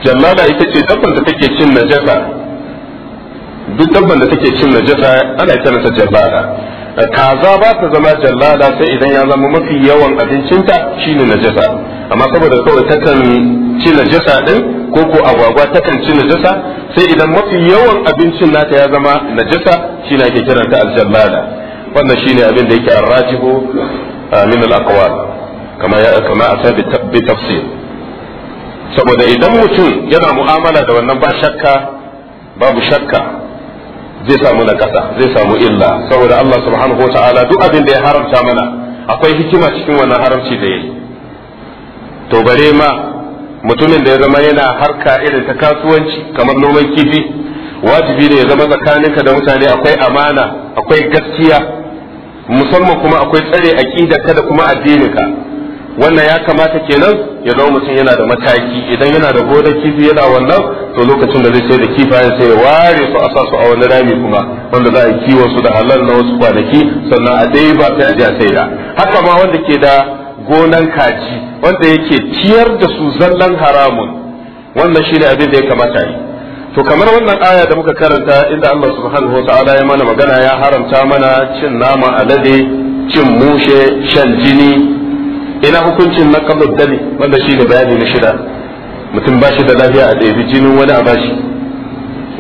jallala ita ce dabban da take cin najasa duk dabban da take cin najasa ana kiranta jallala kaza ba ta zama jallala sai idan ya zama mafi yawan abincinta shine najasa amma saboda kawai takan ci najasa din ko ko agwagwa takan ci najasa sai idan mafi yawan abincin nata ya zama najasa shine ake kiranta aljallala wannan shine abin da yake arrajihu ah, min al-aqwal kama a bi tafsir saboda idan mutum yana mu'amala da wannan ba shakka babu shakka zai samu na kasa zai samu illa saboda Allah subhanahu wa ta'ala duk abin da ya haramta mana akwai hikima cikin wannan haramci da yayi to bare ma mutumin da ya zama yana harka irin ta kasuwanci kamar noman kifi wajibi ne ya zama tsakaninka da mutane akwai amana akwai gaskiya musamman kuma akwai tsare a ka da kuma addininka wannan ya kamata kenan ya zama mutum yana da mataki idan yana da gonar kifi yana wannan to lokacin da zai sai da kifayen sai ya ware su a sa su a wani rami kuma wanda za a su da halal na wasu kwanaki sannan a ɗaya ba sai a a sai da haka ma wanda ke da gonan kaji wanda yake ciyar da su zallan haramun wannan shi ne abin da ya kamata yi to kamar wannan aya da muka karanta inda Allah subhanahu wa ya mana magana ya haramta mana cin nama alade cin mushe shan jini ina hukuncin na kabar dami wanda shi ne bayani na shida mutum ba shi da lafiya a ɗaya jinin wani a bashi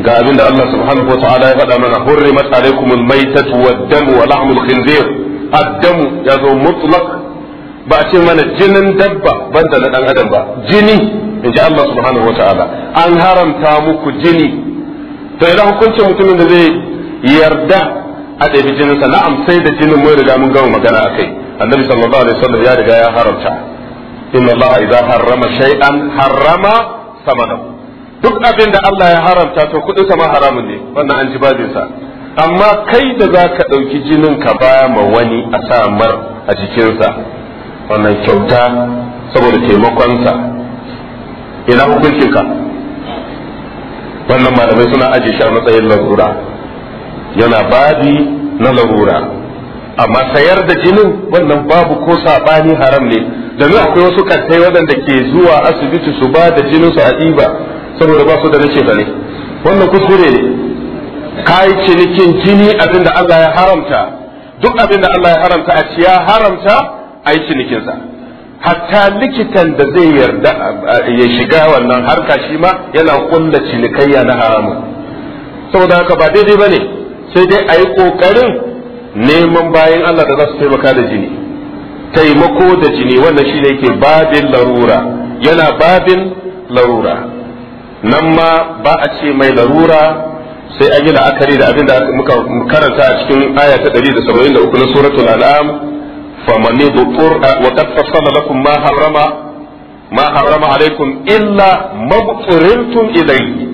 ga abin da Allah subhanahu wa ta'ala ya faɗa mana hurrimat alaikumul maitatu wad-damu wa lahmul khinzir ad-damu yazo mutlaq ba a ce mana jinin dabba banda na dan adam ba jini inji Allah subhanahu wa ta'ala an haramta muku jini to idan hukuncin mutumin da zai yarda a ɗaya jininsa na'am sai da jinin mun riga mun gama magana akai annabi sallallahu alaihi wasallam ya riga ya haramta inna Allah idza harrama shay'an harrama samanahu duk abin da Allah ya haramta to kudin sama haramun ne wannan an ji bajin sa amma kai da za ka ɗauki jinin ka baya ma wani a samar a jikinsa wannan kyauta saboda taimakonsa ina hukuncin ka wannan malamai suna aje shi a matsayin larura yana babi na larura amma sayar da jinin wannan babu ko sabani haram ne domin akwai wasu kattai waɗanda ke zuwa asibiti su ba da jinin su a ɗiba saboda ba su da nace bane wannan kuskure ne kai cinikin jini abinda Allah ya haramta duk abinda Allah ya haramta a ciya haramta a yi cinikinsa hatta likitan da zai yarda eh, ya shiga wannan harka shi ma yana kulla cinikayya na haramun saboda haka ba daidai bane sai dai a yi ƙoƙarin neman bayan Allah da za su taimaka da jini taimako da jini wannan shine yake babin larura yana babin larura nan ma ba a ce mai larura sai an yi la'akari da abin da muka karanta a cikin aya ta 173 na suratul al'am faman yudur wa qad fassala lakum ma harrama ma harrama alaikum illa mabturintum ilayhi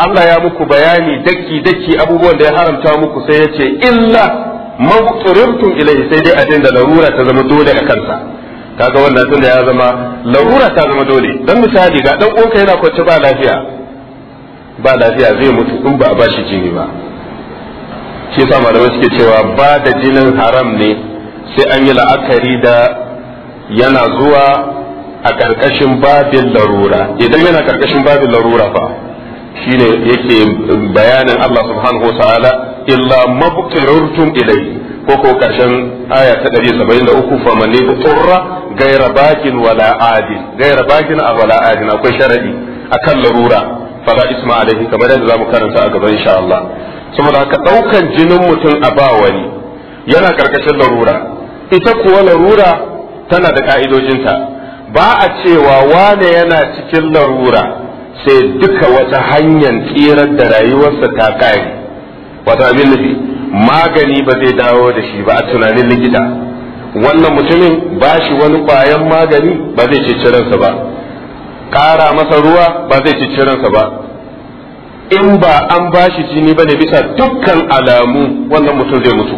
Allah ya muku bayani daki daki abubuwan da ya haramta muku sai ya ce illa mabqirtum ilayhi sai dai abin da larura ta zama dole a kansa kaga wannan tunda ya zama larura ta zama dole dan misali ga dan uwanka yana kwance ba lafiya ba lafiya zai mutu in ba a bashi jini ba shi yasa malamai suke cewa ba da jinin haram ne sai an yi la'akari da yana zuwa a ƙarƙashin babin larura idan yana ƙarƙashin babin larura fa shine yake bayanin Allah subhanahu wa ta'ala illa mabtirurtum ilayhi ko ko karshen aya ta 173 fa man yabqurra gaira bakin wala adil gaira bakin a wala adil akwai sharadi akan larura fala isma alaihi kamar yadda zamu karanta a gaba insha Allah saboda haka daukan jinin mutum a ba wani yana karkashin larura ita kuwa larura tana da ka'idojinta ba a cewa wane yana cikin larura sai duka wata hanyar tsirar da rayuwarsa ta kare wata abin nufi magani ba zai dawo da shi ba a tunanin likita wannan mutumin ba shi wani kwayan magani ba zai ci ciransa ba Kara masa ruwa ba zai ci ciransa ba in ba an ba shi jini ba ne bisa dukkan alamu wannan mutum zai mutu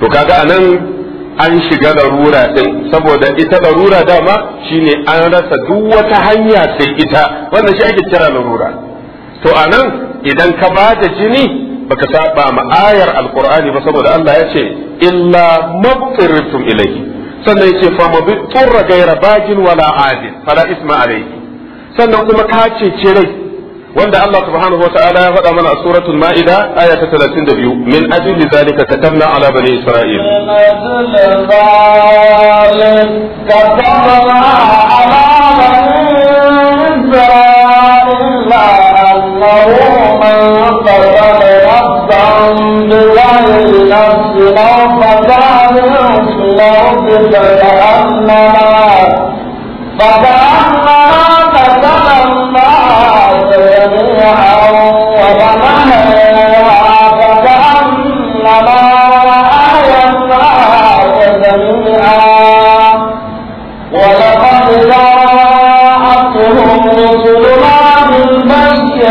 to kaga anan an shiga larura din saboda ita larura dama shine an rasa duk wata hanya sai ita wanda shi ake kira larura to anan idan ka ba da jini baka saba ma ayar alqur'ani ba saboda Allah ya ce illa mabtirtum ilayhi sannan yace fa mabtirra ghayra bagin wala adil fala isma alayhi sannan kuma ka ce rai wanda Allah subhanahu wa ta'ala ya faɗa mana a suratul ma'ida aya ta 32 min ajli zalika katabna ala bani isra'il كتبنا على بني إسرائيل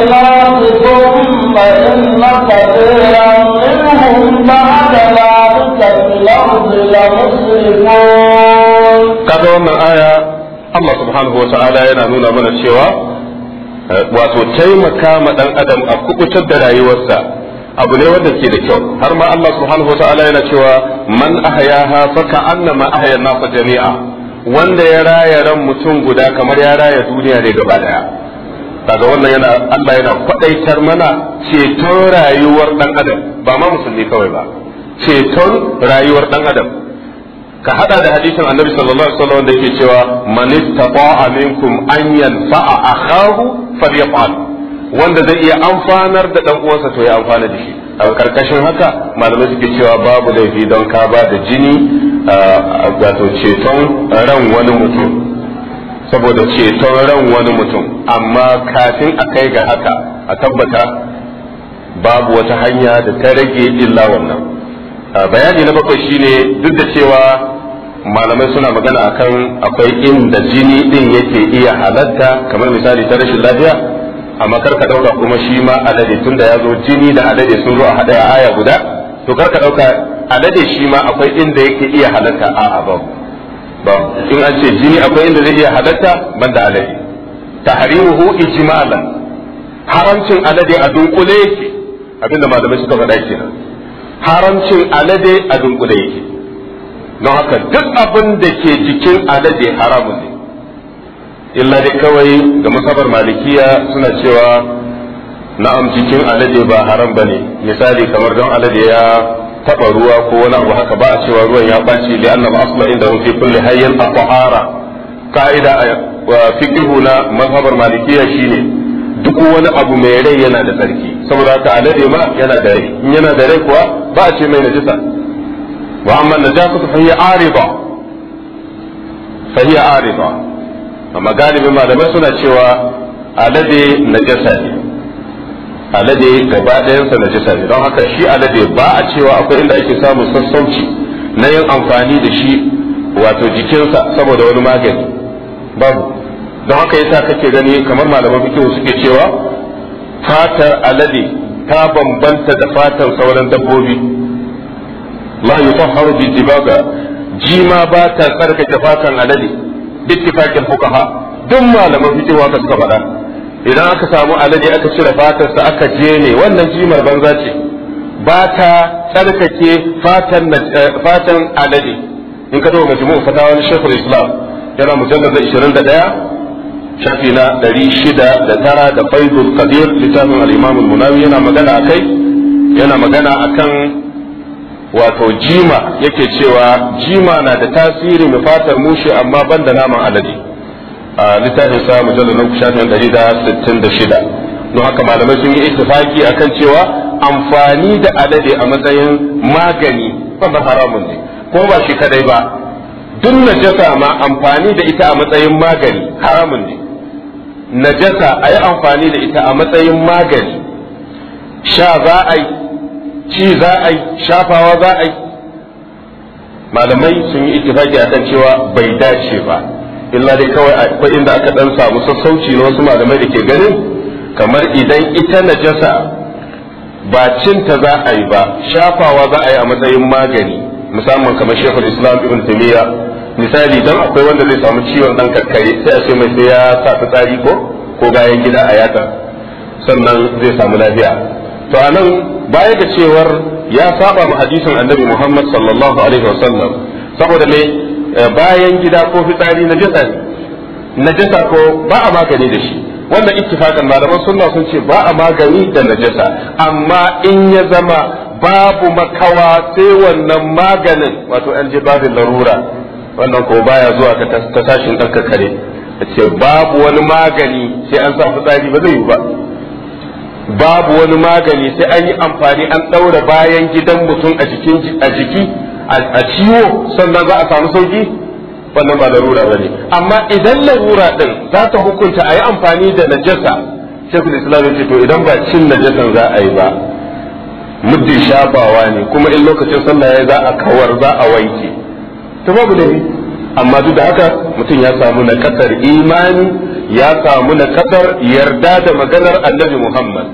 الناس ثم إن كثيرا منهم بعد ذلك في الأرض لمسرفون kaga wannan aya Allah subhanahu wa ta'ala yana nuna mana cewa eh, wato taimaka ma dan adam a kubutar da rayuwarsa abu ne wanda ke da kyau har ma Allah subhanahu wa ta'ala yana cewa man ahyaha fa ka'annama ahya an-nasa jami'a wanda ya raya ran mutum guda kamar ya raya duniya ne gaba daya kaga wannan yana Allah yana kwadaitar mana ceton rayuwar dan adam ba ma musulmi kawai ba ceton rayuwar dan adam ka hada da hadisin annabi sallallahu alaihi wasallam da yake cewa man istata'a minkum an yanfa'a akhahu falyaf'al wanda zai iya amfanar da dan uwansa to ya amfana da shi a karkashin haka malamai suke cewa babu laifi don ka ba da jini a ah, wato ceton ran wani mutum saboda ceton ran wani mutum amma kafin a kai ga haka a tabbata babu wata hanya da ta rage illa wannan bayani na bakwai shine duk da cewa malamai suna magana akan akwai inda jini din yake iya halatta kamar misali ta rashin lafiya amma kar ka dauka kuma shi ma alade da ya zo jini da alade sun zo a haɗe a guda to kar ka dauka alade shi ma akwai inda yake iya halatta a'a babu in an ce jini akwai inda zai iya halatta da alade tahrimuhu ijmalan haramcin alade a dunkule yake abinda malamai suka faɗa kenan haramcin alade a dunkule yake don haka duk abin da ke jikin alade haramun ne illa dai kawai da musabar malikiya suna cewa na'am jikin alade ba haram bane misali kamar don alade ya taba ruwa ko wani abu haka ba a cewa ruwan ya baci da annabi asma inda fi kulli hayyin at-tahara ka'ida fiqhu na mazhabar malikiya shine duk wani abu mai rai yana da tsarki saboda ka alade ma yana da rai in yana da rai kuwa ba a ce mai najisa wa amma najasa fa hiya arida fa hiya arida amma galibin malamai suna cewa alade najasa ne alade gaba ɗayansa na jisa ne don haka shi alade ba a cewa akwai inda ake samun sassauci na yin amfani da shi wato jikinsa saboda wani magani babu don haka yasa kake gani kamar malaman fikihu suke cewa fatar alade ta bambanta da fatar sauran dabbobi la yutahharu bi dibaga jima ba ta tsarkake fatan alade bittifaqin fuqaha duk malaman fikihu haka suka faɗa idan aka samu alade aka cire fatarsa aka ne wannan jimar banza ce ba ta tsarkake fatan eh, alade in ka dawo majmu'u fatawa na shekul islam yana mujallad 21 shafi na 600 da tara faidul kabir littafin al-imam al-munawi yana magana akai yana magana akan wato jima yake cewa jima na da tasiri mu fatar mushi amma banda naman alade a littafin sa mujallar na shafin ɗari da sittin da shida don haka malamai sun yi ittifaki akan cewa amfani da alade a matsayin magani ba haramun ne ko ba shi kadai ba duk najasa ma amfani da ita a matsayin magani haramun ne najasa a yi amfani da ita a matsayin magani sha za a yi ci za a yi shafawa za a yi malamai sun yi ittifaki akan cewa bai dace ba illa dai kawai akwai inda aka dan samu sassauci na wasu malamai da ke ganin kamar idan ita najasa ba cinta za a yi ba shafawa za a yi a matsayin magani musamman kamar shekul islam ibn taymiya misali don akwai wanda zai samu ciwon dan kakkare sai a ce mai sai ya sa fitsari ko ko bayan gida a yata sannan zai samu lafiya to anan baya ga cewar ya saba mu hadisin annabi muhammad sallallahu alaihi wasallam saboda me Eh, bayan gida ko fitsari na jasa ne jasa ko ba a magani da shi wannan ittifaqan malaman sunna sun ce ba a magani da najasa amma in ya zama babu makawa sai wannan maganin wato an je babu larura wannan ko baya zuwa ka tasashin ɗanka kare a ce babu wani magani sai an sa fitsari ba zai yi ba babu wani magani sai an yi amfani an ɗaura bayan gidan mutum a jiki a ciwo sannan za a samu sauki wannan ba larura ne amma idan larura din za ta hukunta a yi amfani da najasa shekul islam yace to idan ba cin najasan za a yi ba muddin shafawa ne kuma in lokacin sallah ya za a kawar za a wanke to babu da amma duk da haka mutum ya samu na kasar imani ya samu na kasar yarda da maganar annabi muhammad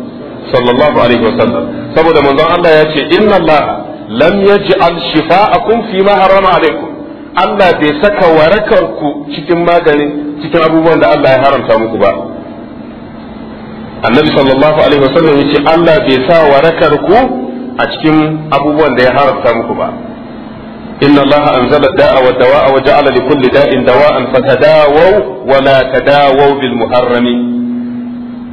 sallallahu alaihi wasallam saboda manzon Allah ya ce inna Allah lam yaj'al shifa'akum fi ma harrama alaikum Allah bai saka warakar ku cikin magani cikin abubuwan da Allah ya haramta muku ba Annabi sallallahu alaihi wasallam yace Allah bai sa warakar ku a cikin abubuwan da ya haramta muku ba Inna da'a wa إن الله أنزل kulli والدواء وجعل لكل داء دواء فتداووا ولا تداووا بالمحرم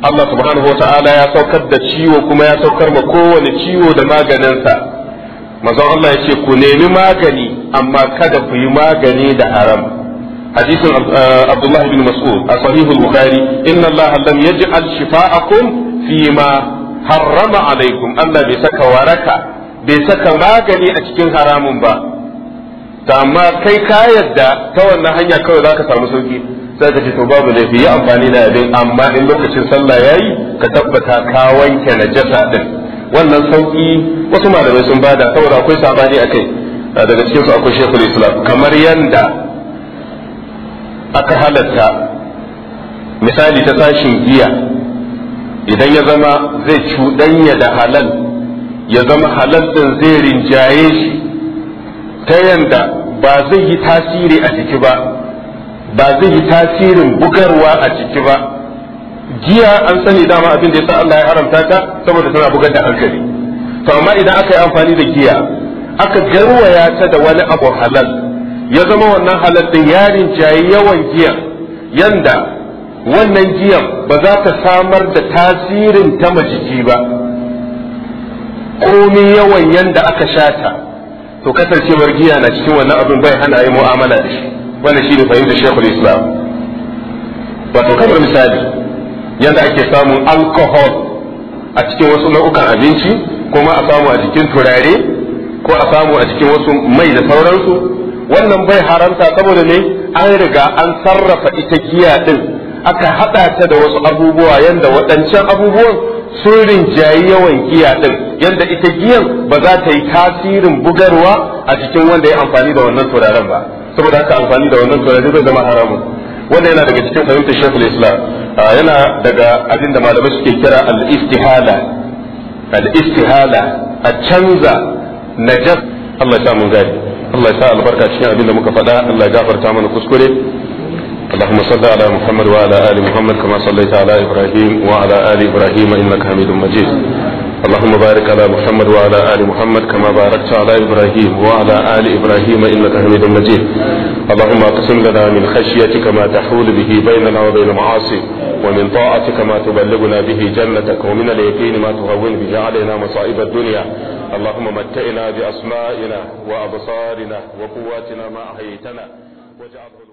الله سبحانه وتعالى ya saukar da ciwo kuma ya saukar ma kowane ciwo da maganinsa mazan Allah ya ce ku nemi magani amma kada ku yi magani da haram hadisin eh, Abdullah bin Mas'ud a sahihul Bukhari inna Allah lam yaj'al shifa'akum fi ma harrama alaikum Allah bai saka waraka bai saka magani a cikin haramun ba ta amma kai ka yadda ta wannan hanya kawai zaka samu sauki sai ka ce to babu da yi amfani da abin amma in lokacin sallah yayi ka tabbata ka wanke najasa din wannan sauki wasu malamai sun bada saboda akwai sabani akai daga cikin su akwai shekul islam kamar yanda aka halatta misali ta sashin giya idan ya zama zai cuɗanya da halal ya zama halal din zai rinjaye shi ta yanda ba zai yi tasiri a jiki ba ba zai yi tasirin bugarwa a jiki ba giya an sani dama abin da ya sa Allah ya haramta ta saboda tana bugar da hankali to amma idan aka yi amfani da giya aka garwaya ta da wani abu halal ya zama wannan halal din yarin rinjaye yawan giya yanda wannan giyan ba za ta samar da tasirin ta majiki ba komi yawan yanda aka shata to kasancewar giya na cikin wannan abin bai hana yi mu'amala da shi wannan shi ne fahimtar shekul islam wato kamar misali yanda ake samun alcohol a cikin wasu nau'ukan abinci kuma a samu a cikin turare ko a samu a cikin wasu mai da sauransu wannan bai haramta saboda ne an riga an sarrafa ita giya din aka haɗa ta da wasu abubuwa yadda waɗancan abubuwan sun rinjayi yawan giya din Yadda ita giyan ba za ta yi tasirin bugarwa a cikin wanda ya amfani da wannan turaren ba saboda haka amfani da wannan turaren zai zama haramun wannan yana daga cikin fahimtar shekul islam ah, yana daga abin da malamai suke kira al-istihala al-istihala a canza najas Allah ya mun gari Allah ya sa albarka cikin abin da muka faɗa Allah ya gafarta mana kuskure اللهم صل على محمد وعلى ال محمد كما صليت على وعلى حميد مجيد اللهم بارك على محمد وعلى آل محمد كما باركت على إبراهيم وعلى آل إبراهيم إنك حميد مجيد اللهم اقسم لنا من خشيتك ما تحول به بيننا وبين المعاصي ومن طاعتك ما تبلغنا به جنتك ومن اليقين ما تهون به علينا مصائب الدنيا اللهم متئنا بأسمائنا وأبصارنا وقواتنا ما أحييتنا واجعله